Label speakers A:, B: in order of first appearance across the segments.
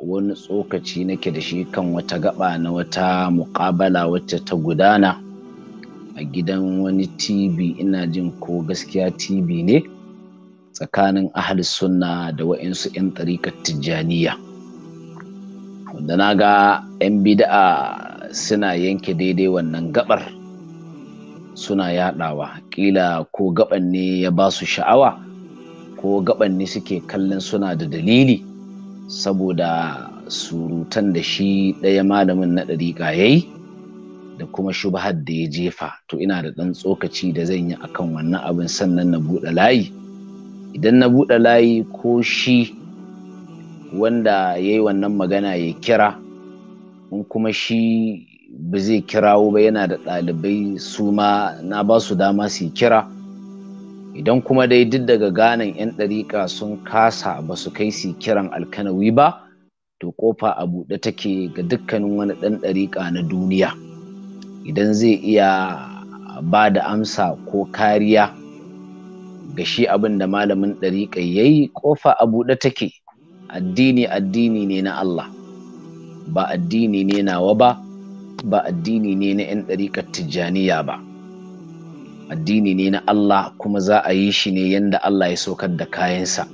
A: wani tsokaci nake da shi kan wata gaba na wata muƙabala wacce ta gudana a gidan wani tv ina jin ko gaskiya tv ne tsakanin ahal sunna da wa'insu 'yan ɗarikar tijjaniya wanda na ga 'yan bida'a suna yanke daidai wannan gabar suna yaɗawa ƙila ko gaban ne ya ba su sha'awa ko gaban ne suke kallon suna da dalili saboda surutan da shi ɗaya malamin na ɗariƙa ya yi da kuma shubahar da ya jefa to ina da ɗan tsokaci da zan yi akan wannan abin sannan na buɗe layi idan na buɗe layi ko shi wanda ya yi wannan magana ya kira in kuma shi ba zai kirawo ba yana da ɗalibai su ma na ba su dama su kira idan kuma dai duk daga ganan 'yan ɗariƙa sun kasa ba su kai su kiran alkanawi ba to kofa a buɗe take ga dukkanin wani ɗan ɗariƙa na duniya idan zai iya ba da amsa ko kariya ga shi abin da malamin ɗariƙa ya yi kofa a buɗe take addini addini ne na Allah ba addini ne nawa ba ba addini ne na 'yan ɗariƙar tijjaniya ba addini ne na Allah kuma za a yi shi ne yadda Allah ya saukar da kayansa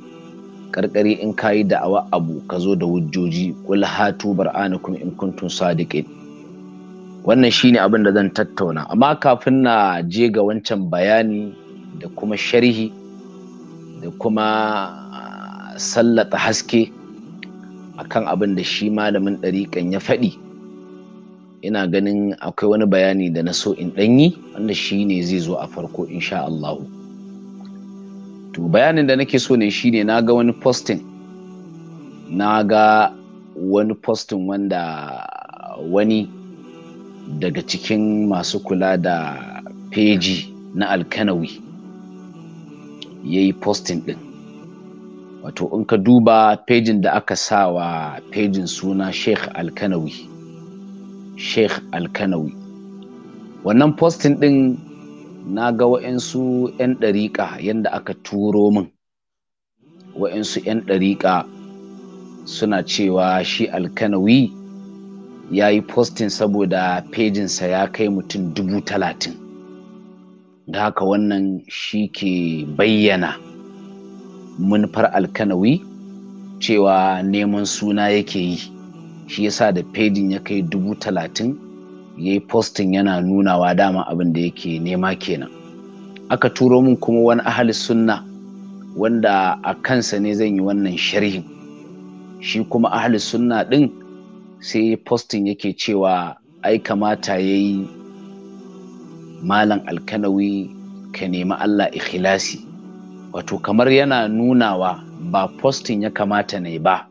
A: karkari in ka yi da'awa abu ka zo da wujjoji kul hatu kuma in kuntum sadiqin wannan shine abin da zan tattauna amma kafin na je ga wancan bayani da kuma sharhi da kuma ah, sallata haske akan abin da shi malamin ɗariƙan ya faɗi ina ganin akwai wani bayani da na so in ɗanyi wanda shi ne zai zo a farko insha Allah to bayanin da nake so ne shi ne na ga wani postin na ga wani postin wanda wani daga cikin masu kula da peji na alkanawi ya yi postin ɗin wato in ka duba pejin da aka sa wa pejin suna sheikh alkanawi sheikh alkanawi wannan postin ɗin na ga wa'insu 'yan ɗariƙa yadda aka turo min wa'insu 'yan ɗariƙa suna cewa shi alkanawi ya yi postin saboda pejinsa ya kai mutum dubu talatin da haka wannan shi ke bayyana manufar alkanawi cewa neman suna yake yi shi yasa da pejin ya kai dubu talatin ya yi postin yana nunawa dama abin da yake nema kenan aka turo min kuma wani ahali sunna wanda a kansa ne zan yi wannan sharhin shi kuma ahali sunna ɗin sai postin yake cewa ai kamata ya yi malam alkanawi ka nemi allah ikhilasi wato kamar yana nunawa ba postin ya kamata ne ba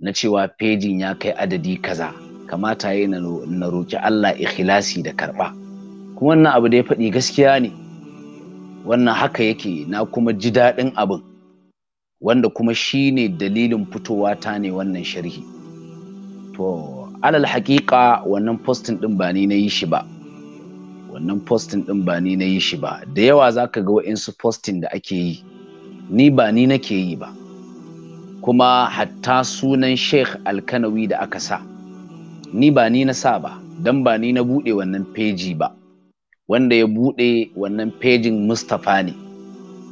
A: na cewa fejin ya kai adadi kaza kamata ya na roƙi Allah ikhlasi da karɓa kuma wannan abu da ya faɗi gaskiya ne wannan haka yake na kuma ji daɗin abin wanda kuma shi ne dalilin fitowa ta ne wannan sharhi to alal haƙiƙa wannan postin ɗin ba ni na yi shi ba wannan postin ɗin ba ni na yi shi ba da yawa za ka ga wa'insu postin da ake yi ni ba ni nake yi ba kuma hatta sunan sheikh alkanawi da aka sa ni ba ni na sa ba don ba ni na buɗe wannan feji ba wanda ya buɗe wannan fejin mustapha ne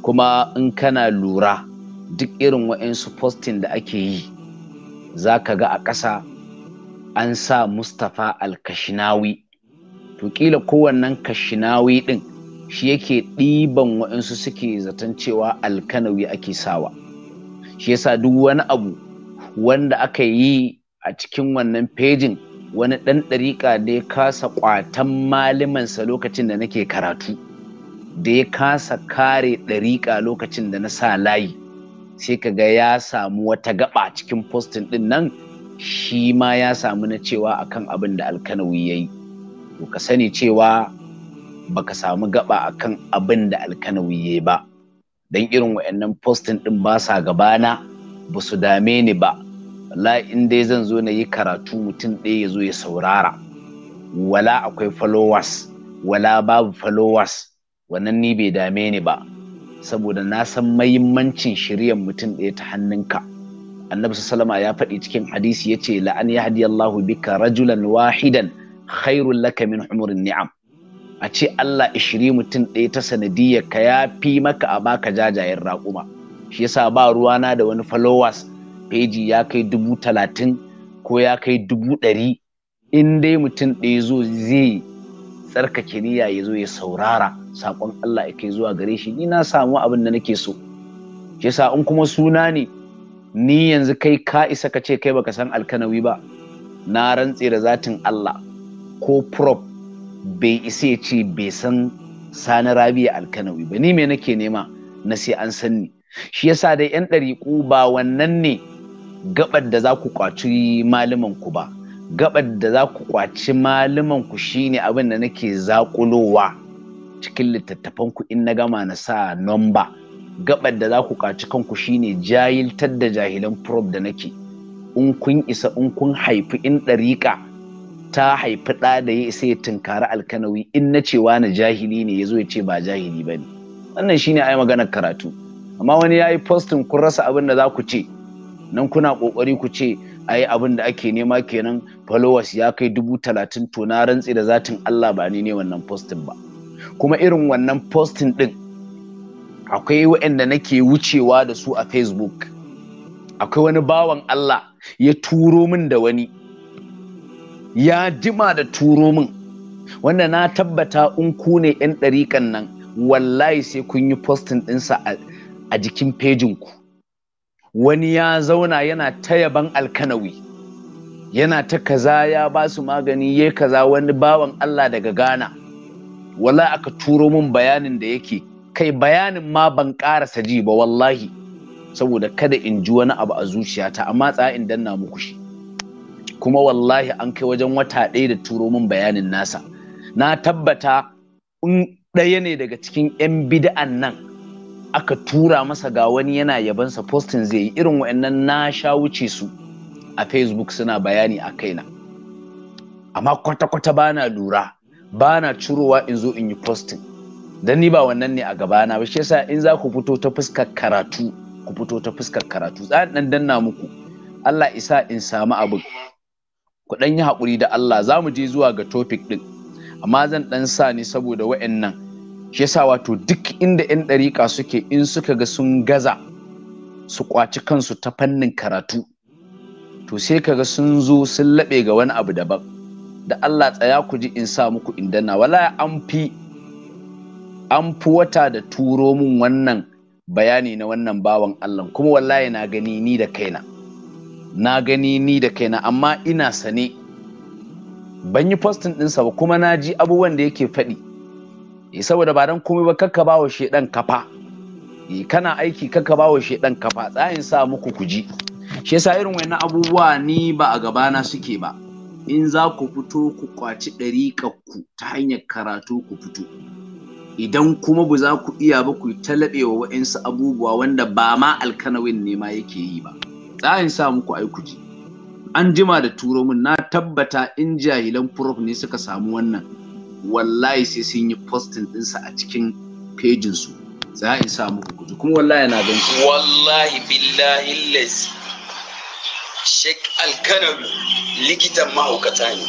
A: kuma in kana lura duk irin wa'insu postin da ake yi za ka ga a ƙasa an sa mustapha alkashinawi to ƙila kowannen kashinawi ɗin shi yake ɗiban wa'insu suke zaton cewa alkanawi ake sawa. shi yasa duk wani abu wanda aka yi a cikin wannan fejin wani ɗan ɗariƙa da ya kasa ƙwatan malimansa lokacin da nake karatu da ya kasa kare ɗariƙa lokacin da na sa layi sai ka ga ya samu wata gaba cikin postin ɗin nan shi ma ya samu na cewa akan abin da alkanawi ya yi to ka sani cewa baka samu gaba akan abin da alkanawi ya yi ba dan irin wa'annan postin din ba sa gabana ba su dame ni ba wala in dai zan zo na yi karatu mutum ɗaya ya zo ya saurara wala akwai followers wala babu followers wannan ni bai dame ni ba saboda na san mahimmancin shiryan mutum ɗaya ta hannunka annabi Salama ya faɗi cikin hadisi ya ce la'an ya bika rajulan wahidan khairul laka min umurin ni'am a ce Allah ishiri mutum ɗaya ta sanadiyar ka ya fi maka a baka jajayen raƙuma shi yasa ba ruwana da wani followers peji ya kai dubu talatin ko ya kai dubu ɗari in dai mutum ɗaya zo zai tsarkake niyya ya zo ya saurara saƙon Allah ya kai zuwa gare shi ni na samu abin da nake so shi yasa in kuma suna ne ni yanzu kai ka isa ka ce kai baka san alkanawi ba na rantse da zatin Allah ko Prof. bai isa ya ce bai san sani rabi'a alkanawi ba ni me nake nema na sai an san ni shi yasa dai yan ɗariƙu ba wannan ne gabar da za ku kwaci malaman ku ba gabar da za ku kwaci malaman ku shine abin da nake zaƙulowa cikin littattafan ku in na gama na sa nomba gabar da za ku kwaci kanku shine jahiltar da jahilan prob da nake in kun isa in kun haifi in ɗariƙa ta haifi ɗa da ya isa ya tunkari alkanawi in na cewa na jahili ne ya zo ya ce ba jahili ba ne wannan shine ai maganar karatu amma wani ya yi postin kun rasa abin da za ku ce nan kuna ƙoƙari ku ce ai abin da ake nema kenan followers ya kai dubu talatin to na rantse da zatin Allah ba ni ne wannan postin ba kuma irin wannan postin ɗin akwai waɗanda nake wucewa da su a facebook akwai wani bawan Allah ya turo min da wani ya jima da turo min wanda na tabbata in ku ne 'yan ɗarikan nan wallahi sai kun yi postin ɗinsa a jikin pejinku wani ya zauna yana ta yaban alkanawi yana ta kaza ya ba su magani ya kaza wani bawan Allah daga Ghana wala aka turo min bayanin da yake kai bayanin ma ban ƙarasa ji ba wallahi saboda kada in ji wani abu a zuciyata amma tsaya in danna muku shi kuma wallahi an kai wajen wata ɗaya da turo min bayanin nasa na tabbata in ɗaya ne daga cikin 'yan bid'an nan aka tura masa ga wani yana yabansa postin zai yi irin wa'annan na sha wuce su a facebook suna bayani a kaina amma kwata-kwata ba na lura ba na curowa in zo in yi postin don ni ba wannan ne a gabana ba shi yasa in za ku fito ta fuskar karatu ku fito ta fuskar karatu tsadan danna muku Allah isa in samu abu ku ɗan yi hakuri da Allah za mu je zuwa ga topic ɗin amma zan ɗan sa ni saboda wa'annan shi yasa wato duk inda 'yan ɗariƙa suke in suka ga sun gaza su kwaci kansu ta fannin karatu to sai kaga sun zo sun laɓe ga wani abu daban da Allah tsaya ku ji in sa muku indana wala an fi an fi wata da turo mun wannan bayani na wannan bawan Allah kuma wallahi na gani ni da kaina. na gani ni da kaina amma ina sane ban yi fostin ɗinsa ba kuma na ji abubuwan da yake faɗi eh, saboda ba don komai ba kakka ba wa shaidan kafa eh, kana aiki kakka ba wa shaidan kafa tsayin sa muku kuji shi yasa irin wayannan abubuwa ni ba a gabana suke ba in za ku fito ku kwaci ɗari ku ta hanyar karatu ku fito idan kuma ba za ku iya ba ku wa wa'insu abubuwa wanda ba ma alkanawin ne ma yake yi ba. za sa muku ai kuji an jima da turo min na tabbata in jahilan prof ne suka samu wannan wallahi sai sun yi postin ɗinsa a cikin pejinsu za in sa muku kuji kuma wallahi na gan
B: wallahi billahi lazi Sheikh alkanabi likitan mahaukata ne.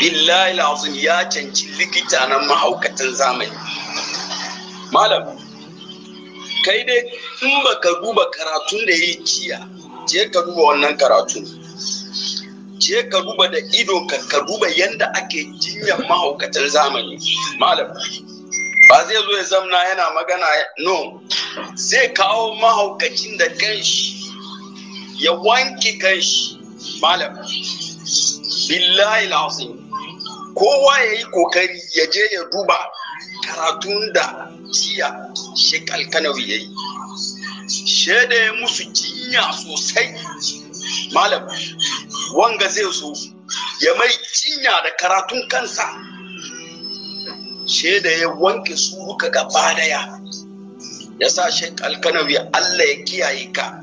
B: Billahi lazim ya canci likita mahaukatan zamani. Malam, kai dai in ba ka duba karatun da ya jiya je ka duba wannan karatun je ka duba da ido ka ka duba yadda ake jinyar mahaukatar zamani malam ba zai zo ya zamna yana magana no zai kawo mahaukacin da kanshi ya wanke kanshi malam billahi lausin kowa ya yi kokari ya je ya duba karatun da jiya Sheikh Alkanawi yayi shede ya musu jinya sosai malam wanga zai so ya mai jinya da karatun kansa shede ya wanke suruka gaba daya ya sa Sheikh Alkanawi Allah ya kiyaye ka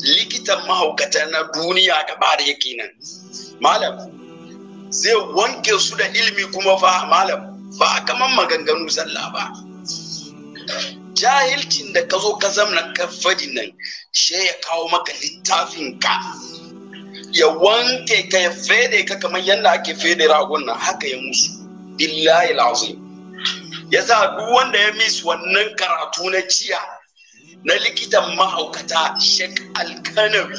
B: likitan mahaukata na duniya gaba da yake nan malam zai wanke su da ilimi kuma fa malam ba kamar maganganu zalla ba jahilcin da ka zo ka zamna ka fadi nan she ya kawo maka littafin ka ya wanke ka ya fede ka kamar yadda ake fede ragon nan haka ya musu billahi lazim ya sa duk wanda ya misu wannan karatu na jiya na likitan mahaukata shek alkanawi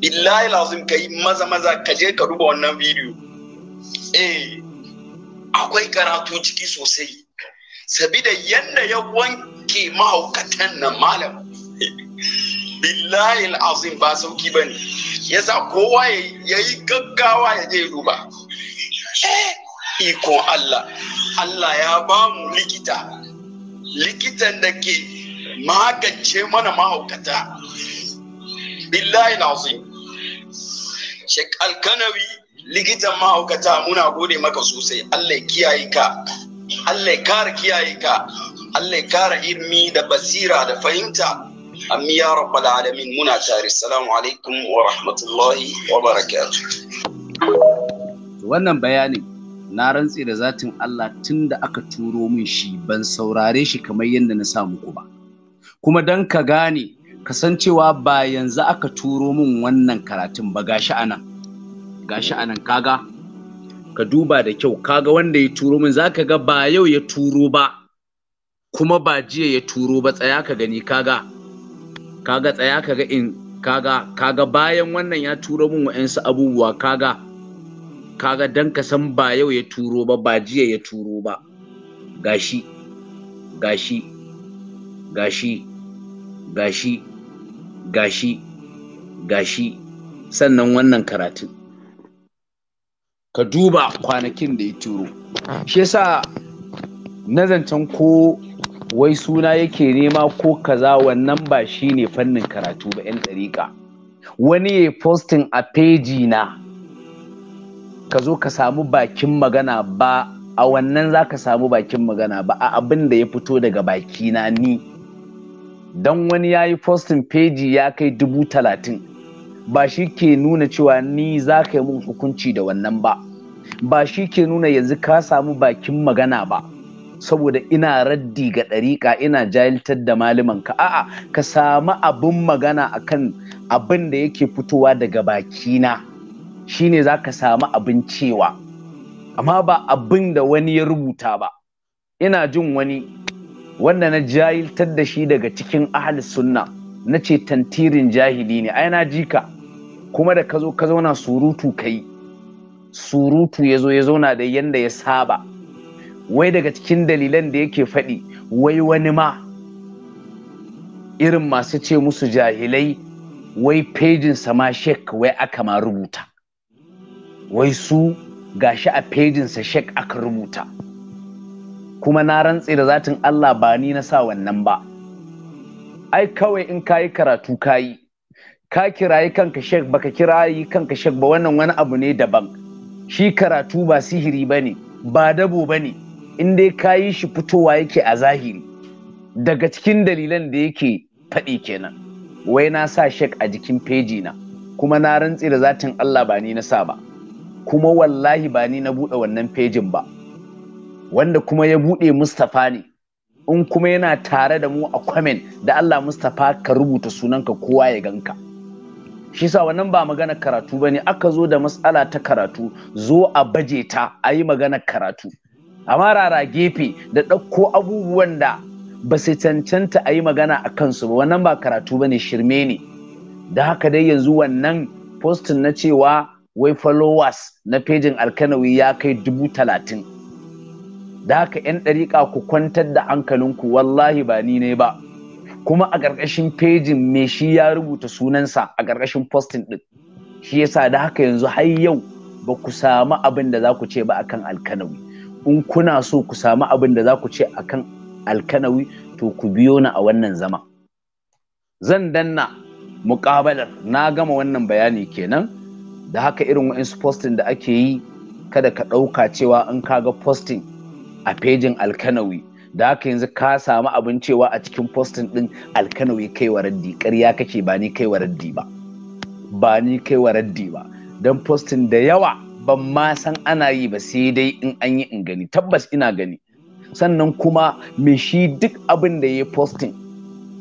B: billahi lazim ka yi maza maza ka je ka duba wannan bidiyo eh akwai karatu ciki sosai sabida yadda ya wanke mahaukatan na malam billahi azim ba sauki ba ne ya yasa kowa ya yi gaggawa ya je duba eh, ikon Allah Allah ya ba mu likita likitan da ke magance mana mahaukata billahi azim shek alkanawi likitan mahaukata muna gode maka sosai Allah kiyaye ka Allah ya kara kiyaye ka Allah ya kara ilmi da basira da fahimta ammi ya rabbal alamin muna tare assalamu alaikum wa rahmatullahi
C: wa barakatuh
A: wannan bayanin na rantse da zatin Allah tun aka turo min shi ban saurare shi kamar yadda na sa muku ba kuma dan ka gane kasancewa ba yanzu aka turo min wannan karatun ba gashi anan gashi anan kaga ka duba da kyau kaga wanda ya turo min zaka ga ba yau ya turo ba kuma ba jiya ya turo ba tsaya ka gani kaga kaga tsaya ka ga in kaga kaga bayan wannan ya turo min wa'ansu abubuwa kaga kaga dan ka san ba yau ya turo ba ba jiya ya turo ba gashi gashi gashi gashi gashi gashi sannan wannan karatun ka duba kwanakin da ya turo shi yasa nazancan ko wai suna yake nema ko kaza wannan ba shi ne fannin karatu ba 'yan ɗariƙa wani ya postin a feji na ka zo ka samu bakin magana ba a wannan za ka samu bakin magana ba a abin da ya fito daga bakina ni don wani ya yi postin feji ya kai dubu talatin ba shi ke nuna cewa ni za ka yi mun hukunci da wannan ba ba shi ke nuna yanzu ka samu bakin magana ba saboda ina raddi ga ɗariƙa ina jahiltar da ka a'a ka samu abin magana akan abin da yake fitowa daga bakina shine za ka samu abin cewa amma ba abin da wani ya rubuta ba ina jin wani wanda na jahiltar da shi daga cikin ahal sunna na ce tantirin jahili ne ai na ji ka. kuma da ka zo ka zauna surutu kai surutu ya zo ya zauna da yanda ya saba wai daga cikin dalilan da yake faɗi wai wani ma irin masu ce musu jahilai wai pejinsa ma shek wai aka ma rubuta wai su gashi a pejinsa shek aka rubuta kuma na rantse da zatin Allah ba ni na sa wannan ba ai kawai in kayi karatu kayi ka kirayi kanka shek baka kirayi kanka shek ba wannan wani abu ne daban shi karatu ba sihiri ba ne ba dabo ba ne in dai ka yi shi fitowa yake a zahiri daga cikin dalilan da yake faɗi kenan wai na sa shek a jikin feji na kuma na rantse da zatin Allah ba ni na sa ba kuma wallahi ba ni na buɗe wannan fejin ba wanda kuma ya buɗe Mustapha ne in kuma yana tare da mu a kwamen da Allah Mustapha ka rubuta sunanka kowa ya ganka shi sa wannan ba magana karatu bane aka zo da matsala ta karatu zo a baje ta a yi magana karatu amma rara gefe da ɗauko abubuwan da ba su cancanta a yi magana a kansu ba wannan ba karatu bane shirme ne da haka dai yanzu wannan postin na cewa wai followers na pejin alkanawi ya kai dubu talatin da haka 'yan ɗariƙa ku kwantar da hankalinku wallahi ba ni ne ba kuma a ƙarƙashin fejin me shi ya rubuta sunansa a ƙarƙashin postin ɗin shi yasa da haka yanzu har yau ba ku samu abin da za ku ce ba akan alkanawi in kuna so ku samu abin da za ku ce akan alkanawi to ku biyo ni a wannan zama zan danna muƙabalar na gama wannan bayani kenan da haka irin wa'insu postin da ake yi kada ka ɗauka cewa in ka ga postin a fejin alkanawi da haka yanzu ka samu abin cewa a cikin postin din alkanawi kai wa raddi ƙarya kake ba ni kai wa raddi ba ba ni kai wa raddi ba don postin da yawa ban ma san ana yi ba sai dai in an yi in gani tabbas ina gani sannan kuma me shi duk abin da ya postin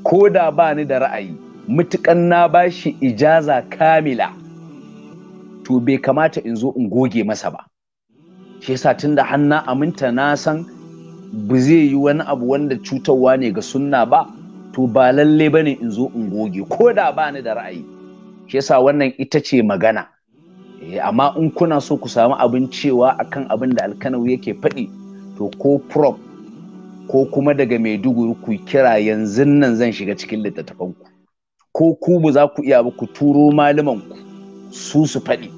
A: ko da ba ni da ra'ayi mutukan na ba shi ijaza kamila to bai kamata in zo in goge masa ba shi yasa tunda har na aminta na san ba zai yi wani abu wanda cutarwa ne ga sunna ba to ba lalle ba ne in zo in goge ko da ba ni da ra'ayi shi yasa wannan ita ce magana eh, amma in kuna so ku samu abin cewa akan abin da alkanau yake faɗi to ko prop ko kuma daga maiduguri ku kira yanzu nan zan shiga cikin littattafanku ko ku ba za ku iya ba ku turo malamanku su su faɗi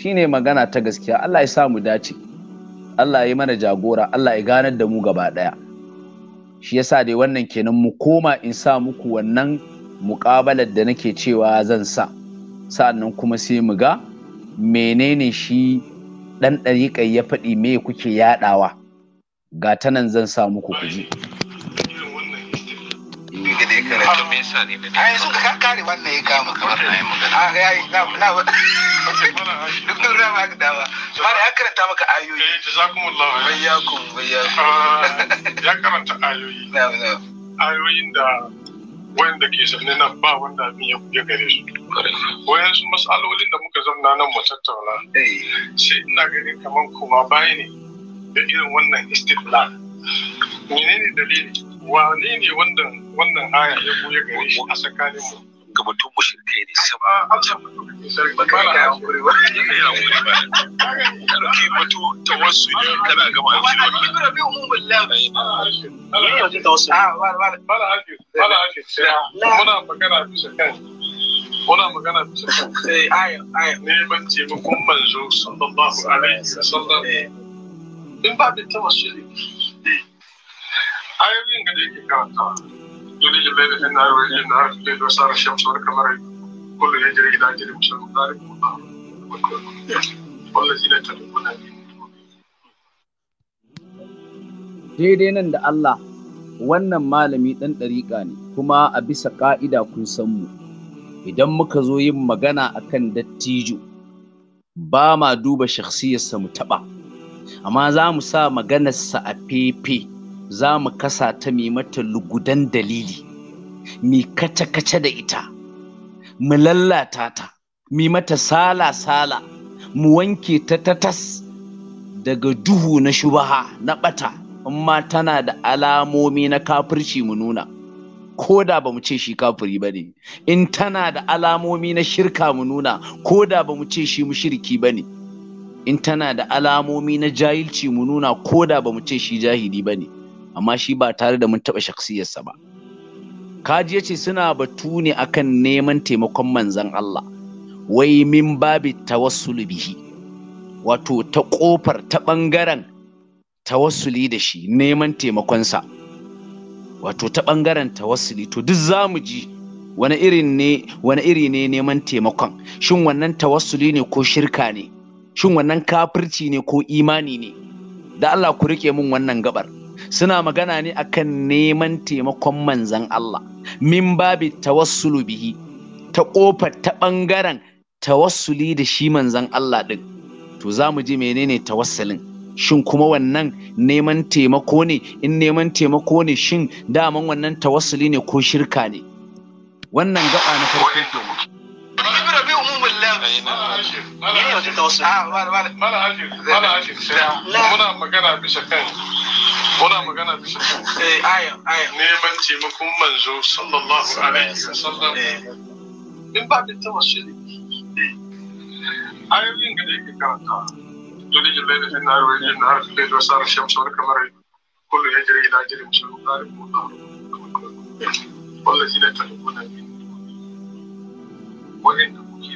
A: shine magana ta gaskiya allah ya sa mu dace Allah ya mana jagora Allah ya ganar da mu gaba ɗaya shi yasa dai wannan kenan mu koma in sa muku wannan muƙabalar da nake cewa zan sa sa'annan kuma sai mu ga menene shi ɗan ɗariƙai ya faɗi me kuke yaɗawa ga ta nan zan sa muku ku ji.
B: wannan ya kama kamar na yi magana.
D: Ah, karanta maka ayoyi eh jazakumullahu bayyakum bayyakum ah, ya karanta ayoyi ayoyin da wanda ke zaune nan ba wanda abin ya kuke gare su wayansu matsalolin da muka zauna nan mu tattauna eh. sai ina ganin kamar kuma baya ne da irin wannan istifla menene dalili wane ne wannan aya ya buya gare shi a tsakanin mu gabatun mushrikai ne sai ba amsa ba kai ka hankuri ba ne hankuri ba ka dauki ta wasu ne kana gama shi ba ne ibra bi billahi ne ya ta wasu ah wala wala wala muna magana bisa kan muna magana bisa kan eh aya aya ne ban ce ba kun manzo sallallahu alaihi wasallam eh. in ba da tawassuli ayoyin ga da yake karantawa يولج الليل في النهار ويولج النهار في الليل وصار الشمس والقمر كل يجري إلى أجل مسمى ذلك
A: daidai nan da Allah wannan malami ɗan ɗariƙa ne kuma a bisa ƙa'ida kun san mu idan muka zo yin magana akan dattijo ba ma duba shakhsiyarsa mu taɓa amma za mu sa maganarsa a fefe za mu kasa ta mai mata lugudan dalili mi kace-kace da ita mu lallata ta mi mata sala-sala mu wanke ta tatas daga duhu na shubaha na bata amma tana da alamomi na kafirci mu nuna ko da ba mu ce shi kafiri ba ne in tana da alamomi na shirka mu nuna ko da ba mu ce shi shirki ba ne in tana da alamomi na jahilci mu nuna ko da ba mu ce shi jahili ba ne amma shi ba tare da mun taɓa shaksiyarsa ba kaji ya ce suna batu ne akan neman taimakon manzan Allah wai min babi tawassul bihi wato ta ƙofar ta ɓangaren tawassuli da shi neman taimakonsa wato ta ɓangaren tawassuli to duk zamu ji wani irin iri ne neman taimakon shin wannan tawassuli ne ko shirka ne shin wannan kafirci ne ko imani ne da Allah ku rike min wannan gabar suna magana ne akan neman taimakon manzan Allah min babi tawassulu bihi ta ƙofar ta ɓangaren tawassuli da shi manzan Allah ɗin to za mu ji menene tawassulin shin kuma wannan neman taimako ne in neman taimako ne shin daman wannan tawassuli ne ko shirka ne wannan gaba na farko yayi nan ne wajen da
D: wasu mala ajir mala ajir muna magana bisa kan muna magana bisa kan neman taimakon manzo sallallahu alaihi wasallam in ba da tawassuli ayoyin da yake karantawa يولج الليل في النهار ويولج النهار في الليل وسار الشمس والقمر كل يجري الى اجل مسمى ذلك والنهر والذين تحبون من وان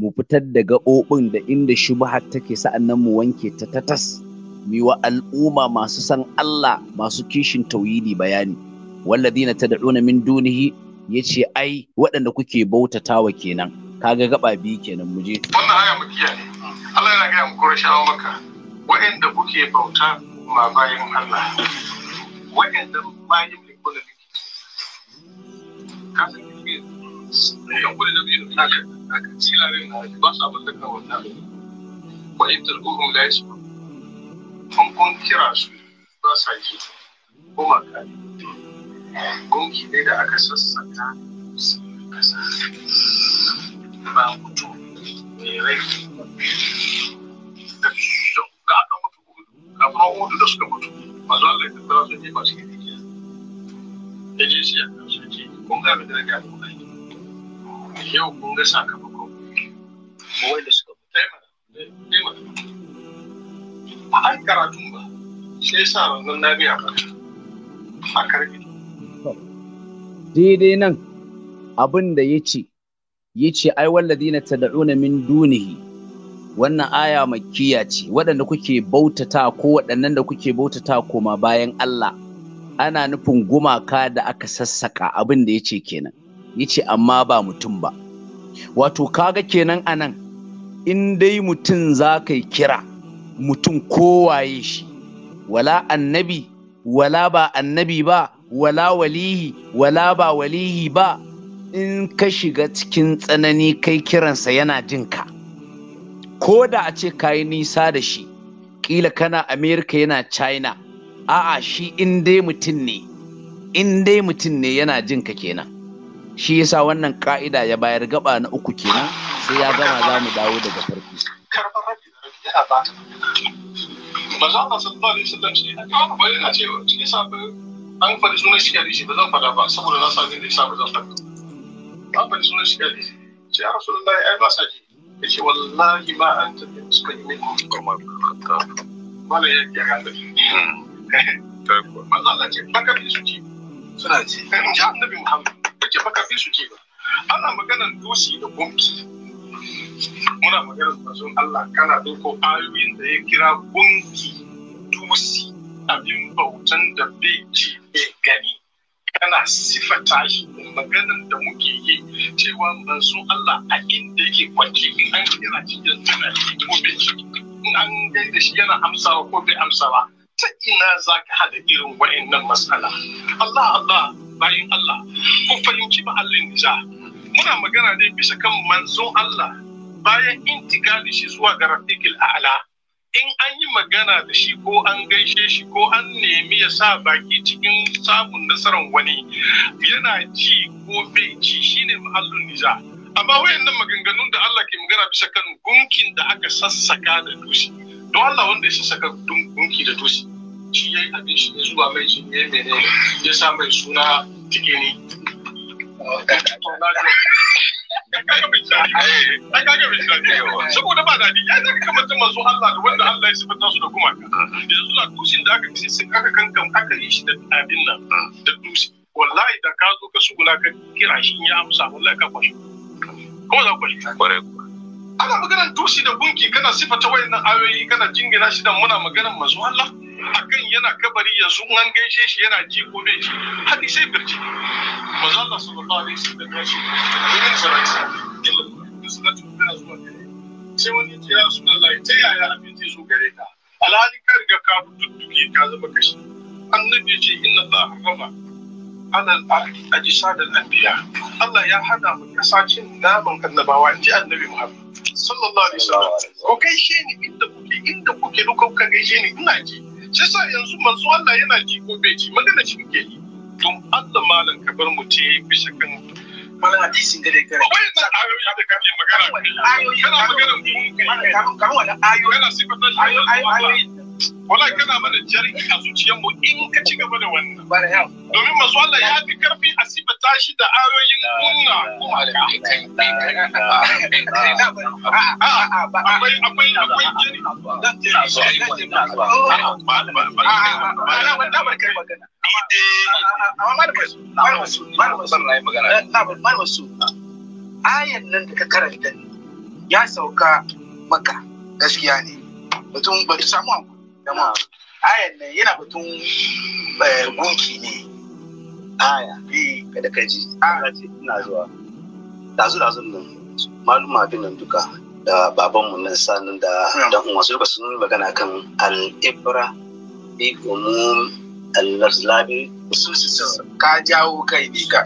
A: mu fitar da gaɓoɓin da inda shubahar take nan mu wanke ta tatas mu wa al'umma masu san Allah masu kishin tauhidi bayani walladina tad'una min dunihi yace ai waɗanda kuke bautatawa kenan kaga gaba biyu kenan mu je
D: wannan aya mu kiyaye Allah yana gaya mu Qurayshawa maka waɗanda kuke bauta ma bayan Allah waɗanda bayan kullu kafin yankuri da biyu da naka naka tilarin na ba su abin da kawai na fahimtar gurin da ya shi kun kun kira su ba sa ji ko maka gunki ne da aka sassanta kasa ba mutu ne rai da aka mutu kafinan hudu da suka mutu masu Allah ya tattara su ne masu yi ne ya je siya su ji kun ga da daga yau kun ga sakamakon da suka taimaka eh, eh, eh, a an karatun ba sai sa ranzan na biya ba a karfi
A: daidai nan abin da ya ce ya ce ai na tada'una min dunihi wannan aya makkiya ce waɗanda kuke bautata ko waɗannan da kuke bautata koma bayan Allah ana nufin gumaka da aka sassaka abin da ya ce kenan yace amma ba mutum ba wato kaga kenan anan in dai mutum za ka kira mutum kowaye shi wala annabi wala ba annabi ba wala walihi wala ba walihi ba in ka shiga cikin tsanani kai kiransa yana jinka ko da a ce ka yi nisa da shi ƙila kana amerika yana china a'a shi in dai mutum ne in dai mutum ne yana jinka kenan shi yasa wannan ka'ida ya bayar gaba na uku kenan sai ya gama za mu dawo daga farko
D: ba ta an faɗi sunan shi gari shi ba zan faɗa ba saboda na sa da yasa ba zan faɗa an faɗi suna shi gari shi ya rasulullahi ai ba sa ji yace wallahi ma kuma. kuma ta ya ya kuma hmm. da manzon Allah ce bi su ci suna ji ya annabi Muhammad baki baka fi su ke ba ana maganar dusi da gunki muna maganar mazun Allah kana doko ayoyin da ya kira gunki, dusi abin bautan da bai ji bai gani kana sifata shi maganar da muke yi cewa manzo Allah a inda yake kwanci in an kira cikin da suna ko bai ci in an da shi yana amsawa ko bai amsawa ta ina za ka haɗa irin wa'in nan matsala Allah Allah Bayan Allah ko fahimci ma'allin nisa muna magana ne bisa kan manzon Allah bayan intikali shi zuwa ga rafikil a'la in an yi magana da shi ko an gaishe shi ko an nemi ya sa baki cikin samun nasarar wani yana ji ko bai ji shine ma'allin niza. amma wayannan maganganun da Allah ke magana bisa kan gunkin da aka sassaka da tusi, don Allah wanda ya sassaka gunki da tusi? shi ya yi abin shi ya zuba mai shi ne mene ya sa mai suna tikini saboda ba daɗi ya zaka kamar ta masu Allah da wanda Allah ya su da yanzu da aka sai aka kankan aka yi shi da abin nan da tushi wallahi da ka zo ka suguna ka kira shi ya amsa wallahi ka kwashe kuma za kwashe ana maganar tushi da gunki kana ta wayannan ayoyi kana jingina shi da muna maganar mazu Allah akan yana kabari yanzu an gaishe shi yana ji ko bai ji sai birji mazu Allah sallallahu alaihi wasallam ya ce yin salati illa salatu kana zuwa gare sai wani ce ya rasulullahi ta yaya abinci zai zo gare ka alhali ka riga ka tuttuke ka zama kashi annabi ce inna Allah harama Ana al-akli ajsad anbiya Allah ya hana mu kasacin naman annabawa inji annabi Muhammad sallallahu alaihi wasallam ko kai shi ne inda kuke inda kuke duka kuka gaishe ne? ina ji shi sa yanzu manzo Allah yana ji ko bai ji magana shi muke yi don Allah malam ka bar mu ce bisa kan malam hadisin da dai kare wai da ayoyi da kake magana ayoyi kana magana mun kai kana wani ayoyi ayoyi wala kana mana jarki a zuciyar mu in ka ci gaba da wannan domin masu Allah ya fi karfi a sibata shi da ayoyin kunna kuma akwai akwai akwai jini eh, ayan nan da ka karanta ya sauka maka gaskiya ne mutum ba samu jama'a ayan nan yana batun eh, gunki ne aya bi eh. kada ka ji ana ah. ce ina zuwa
B: dazu dazu nan maluma nan duka da nan sanin da hmm. su sun magana kan al-ibra bi umum al su ka jawo kai ka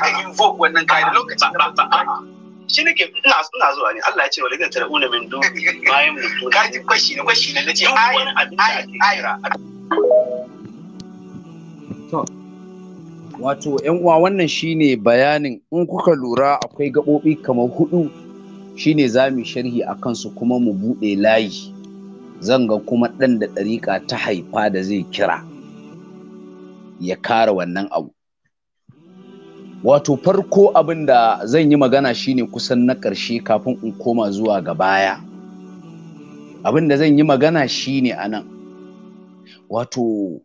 B: ka invoke wannan kai lokacin da ba shi nake ina ina zuwa ne Allah ya ce walakin tar'una min du bayan mutu ka ji kwashi ne kwashi ne nace ai abin ai
A: to wato yan uwa wannan shine bayanin in kuka lura akwai gabobi kamar hudu shine za mu sharhi a kansu kuma mu buɗe layi zan ga kuma ɗan da ɗariƙa ta haifa da zai kira ya kare wannan abu wato farko abin da zan yi magana shine kusan na ƙarshe kafin in koma zuwa ga baya abin da zan yi magana shine a nan wato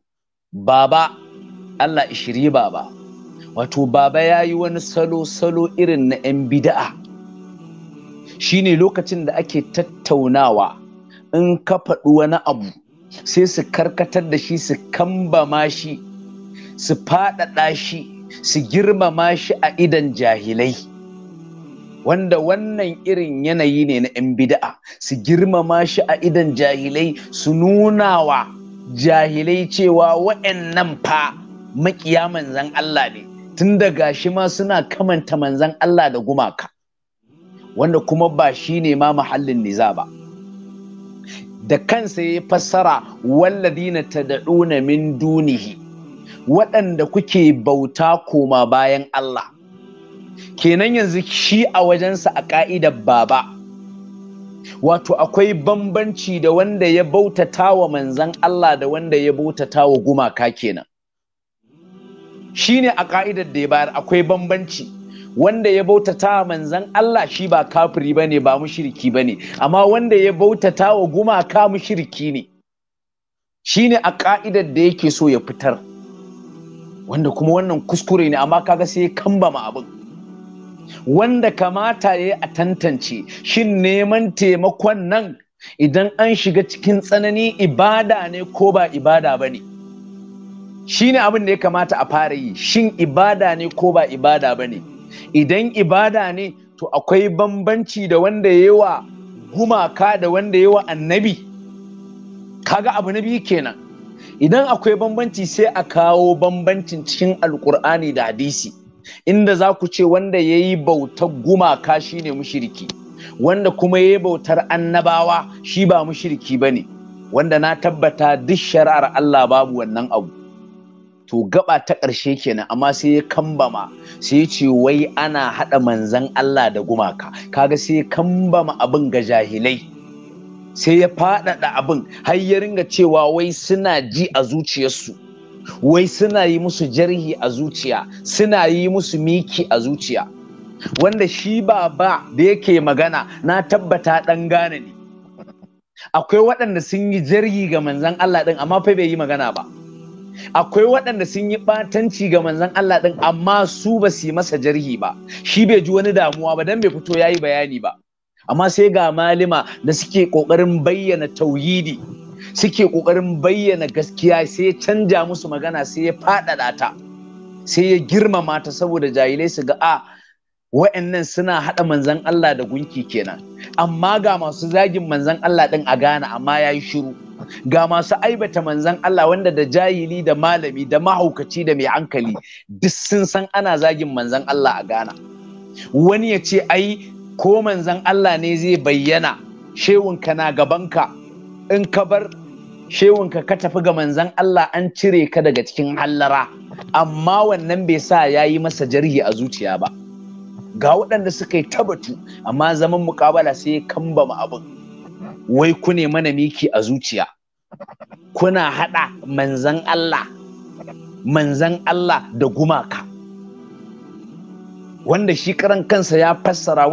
A: baba allah ishiri baba wato baba ya yi wani salo-salo irin na 'yan bida'a shine lokacin da ake tattaunawa in ka faɗi wani abu sai su karkatar da shi su kambama shi su faɗaɗa shi su girmama shi a idan jahilai wanda wannan irin yanayi ne na 'yan bida'a su girmama shi a idan jahilai su nuna wa jahilai cewa wa'annan fa makiya manzan Allah ne tun da gashi ma suna kamanta manzan Allah da gumaka wanda kuma ba shi ne ma mahallin niza ba da kansa ya fassara walladina tad'una min dunihi waɗanda kuke bauta koma bayan Allah kenan yanzu shi a wajensa a ƙa'idar baba wato akwai bambanci da wanda ya bautata wa manzan Allah da wanda ya bautata wa gumaka kenan Shi ne a ƙa'idar da ya bayar akwai bambanci wanda ya bautata wa manzan Allah shi ba kafiri ba ne ba ba bane amma wanda ya bautata wa gumaka mushiriki ne shi ne a ƙa'idar da yake so ya fitar wanda kuma wannan kuskure ne amma kaga sai ya kambama abin wanda kamata ya yi a tantance shin neman taimakon nan idan an shiga cikin tsanani ibada ne ko ba ibada ba ne shi ne abin da ya kamata a fara yi shin ibada ne ko ba ibada ba ne idan ibada ne to akwai bambanci da wanda ya wa gumaka da wanda ya wa annabi kaga abu na biyu kenan idan akwai bambanci sai a kawo bambancin cikin alkur'ani da hadisi inda za ku ce wanda ya yi bautar gumaka shine mushiriki wanda kuma ya yi bautar annabawa shi ba mushiriki ba ne wanda na tabbata duk shari'ar Allah babu wannan abu to gaba ta ƙarshe kenan amma sai ya kambama sai ya ce wai ana haɗa manzan Allah da gumaka kaga sai ya kambama abin ga jahilai sai ya faɗaɗa abin har ya ringa cewa wai suna ji a zuciyarsu wai suna yi musu jarhi a zuciya suna yi musu miki a zuciya wanda shi ba ba da yake magana na tabbata ɗan gane ne akwai waɗanda sun yi jarhi ga manzan Allah ɗin amma fa bai yi magana ba akwai waɗanda sun yi ɓatanci ga manzan Allah ɗin amma su ba su yi masa jarhi ba shi bai ji wani damuwa ba don bai fito ya yi bayani ba amma sai ga malima da suke ƙoƙarin bayyana tauhidi suke ƙoƙarin bayyana gaskiya sai ya canja musu magana sai ya faɗaɗa ta sai ya girmama ta saboda jahilai su ga a wa'annan suna haɗa manzan Allah da gunki kenan amma ga masu zagin manzan Allah ɗin a Ghana amma ya yi shiru ga masu aibata manzan Allah wanda da jahili da malami da mahaukaci da mai hankali duk sun san ana zagin manzan Allah a Ghana wani ya ce ai ko manzan Allah ne zai bayyana shewunka na gabanka in ka bar shewunka ka tafi ga manzan Allah an cire ka daga cikin hallara amma wannan bai sa ya yi masa jarhi a zuciya ba ga waɗanda suka yi tabatu amma zaman mukabala sai ya kambama abin wai ku ne mana miki a zuciya kuna haɗa manzan Allah manzan Allah da gumaka wanda shi karan kansa ya fassara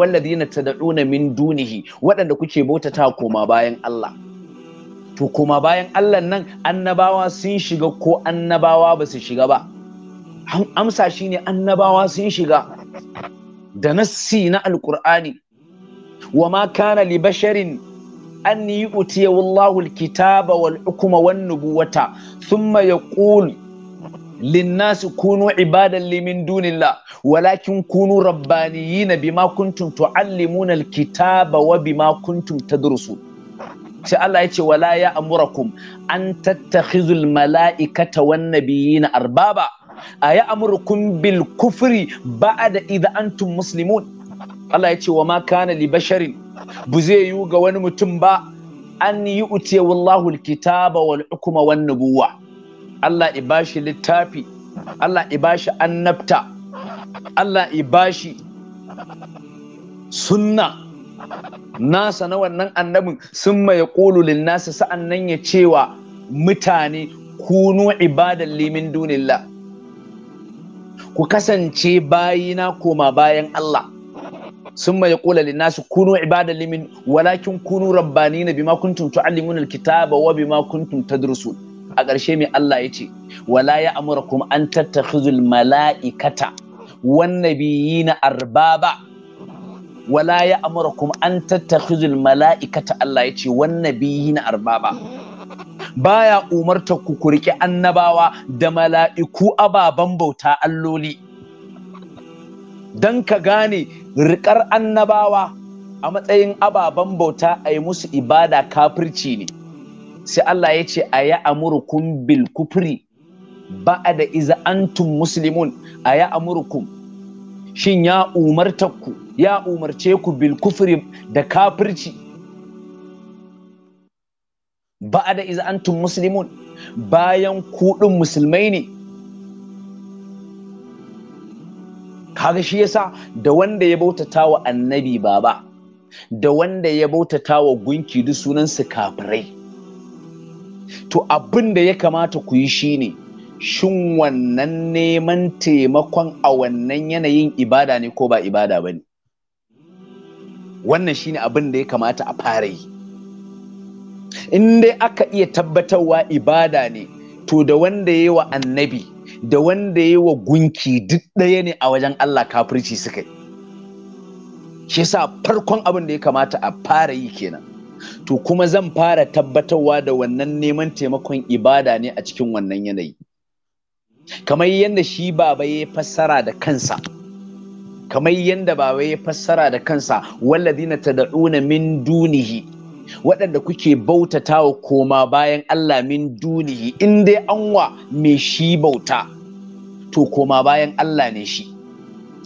A: ta na min dunihi waɗanda kuke bautata koma bayan Allah to koma bayan Allah nan annabawa sun shiga ko annabawa ba su shiga ba An amsa shine annabawa sun shiga da nassi na alqur'ani wa ma kana li basharin an yu'tiya wallahu alkitaba wal hukuma wan nubuwata thumma yaqul linnasi kunu ibadan limin dunillah walakin kunu rabbaniyina bima kuntum tuallimuna alkitaba wa bima kuntum tadrusun sai Allah ya ce wala ya amurakum an tattakhizul mala'ikata wan nabiyina arbaba a ya bil kufri ba'da idza antum muslimun Allah ya ce wa ma kana li basharin bu zai yiwu ga wani mutum ba an yi utewallahu alkitaba wal hukuma wan nubuwa Allah i bashi littafi Allah i bashi annabta Allah i bashi sunna nasa na wannan annabin sun mai ƙulu nasa sa'an nan ya cewa mutane kunu ibadan limin dunilla ku kasance bayina koma bayan Allah sun mai ƙula nasu kunu ibadan limin walakin kunu rabbani na bima kuntum tu'allimuna alkitaba wa bima kuntum tadrusun a ƙarshe mai Allah ya ce wala ya amura kuma an tattakhizul mala'ikata wan na arbaba wala ya amura kuma an tattakhizul mala'ikata Allah ya ce wan na arbaba baya umarta ku kurki annabawa da mala'iku ababan bauta alloli Don ka gane rikar annabawa a matsayin ababen bauta a yi musu ibada kafirci ne sai Allah ya ce a ya amurkum bil ba ba'a da iza antum muslimun a ya amurkum shin ya umarta ku ya umarce ku bil kufri da kafirci ba'a da iza antum muslimun bayan kuɗin musulmai ne kaga shi yasa da wanda ya bautata wa annabi baba da wanda ya bautata wa gunki duk sunansu kafirai to abin da ya kamata ku yi shi ne, shin wannan neman taimakon a wannan yanayin ibada ne ko ba ibada ba ne wannan shine abin da ya kamata a fara yi in dai aka iya tabbatarwa ibada ne to da wanda ya yi wa annabi da wanda ya yi wa gunki duk ɗaya ne a wajen Allah kafirci suka yi shi sa farkon abin da ya kamata a fara yi kenan to kuma zan fara tabbatarwa da wannan neman taimakon ibada ne a cikin wannan yanayi kamar yadda shi baba ya fassara da kansa kamar yadda baba ya fassara da kansa walladina tad'una min dunihi waɗanda kuke bautatawa koma bayan Allah min dunihi in dai anwa mai shi bauta to koma bayan Allah ne shi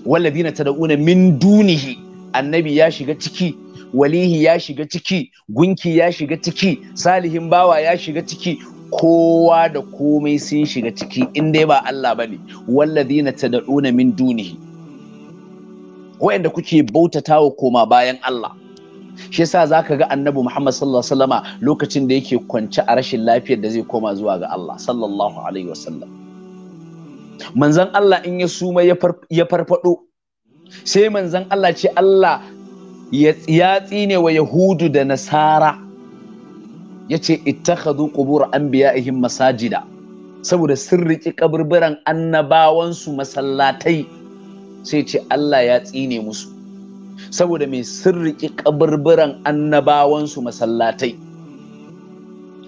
A: walladina tad'una min dunihi annabi ya shiga ciki walihi ya shiga ciki gunki ya shiga ciki salihin bawa ya shiga ciki kowa da komai sun shiga ciki in dai ba Allah ba bane walladhina tad'una min dunihi wa'anda kuke bautatawa koma bayan Allah shi yasa zaka ga annabi Muhammad sallallahu alaihi wasallama lokacin da yake kwance a rashin lafiyar da zai koma zuwa ga Allah sallallahu alaihi wasallam manzon Allah in ya suma ya farfado sai manzon Allah ce Allah ya tsine wa yahudu da nasara ya ce ittakhadhu qubur anbiya'ihim masajida saboda sun riƙi kaburburan annabawansu masallatai sai ce Allah ya tsine musu saboda mai sun riƙi kaburburan annabawansu masallatai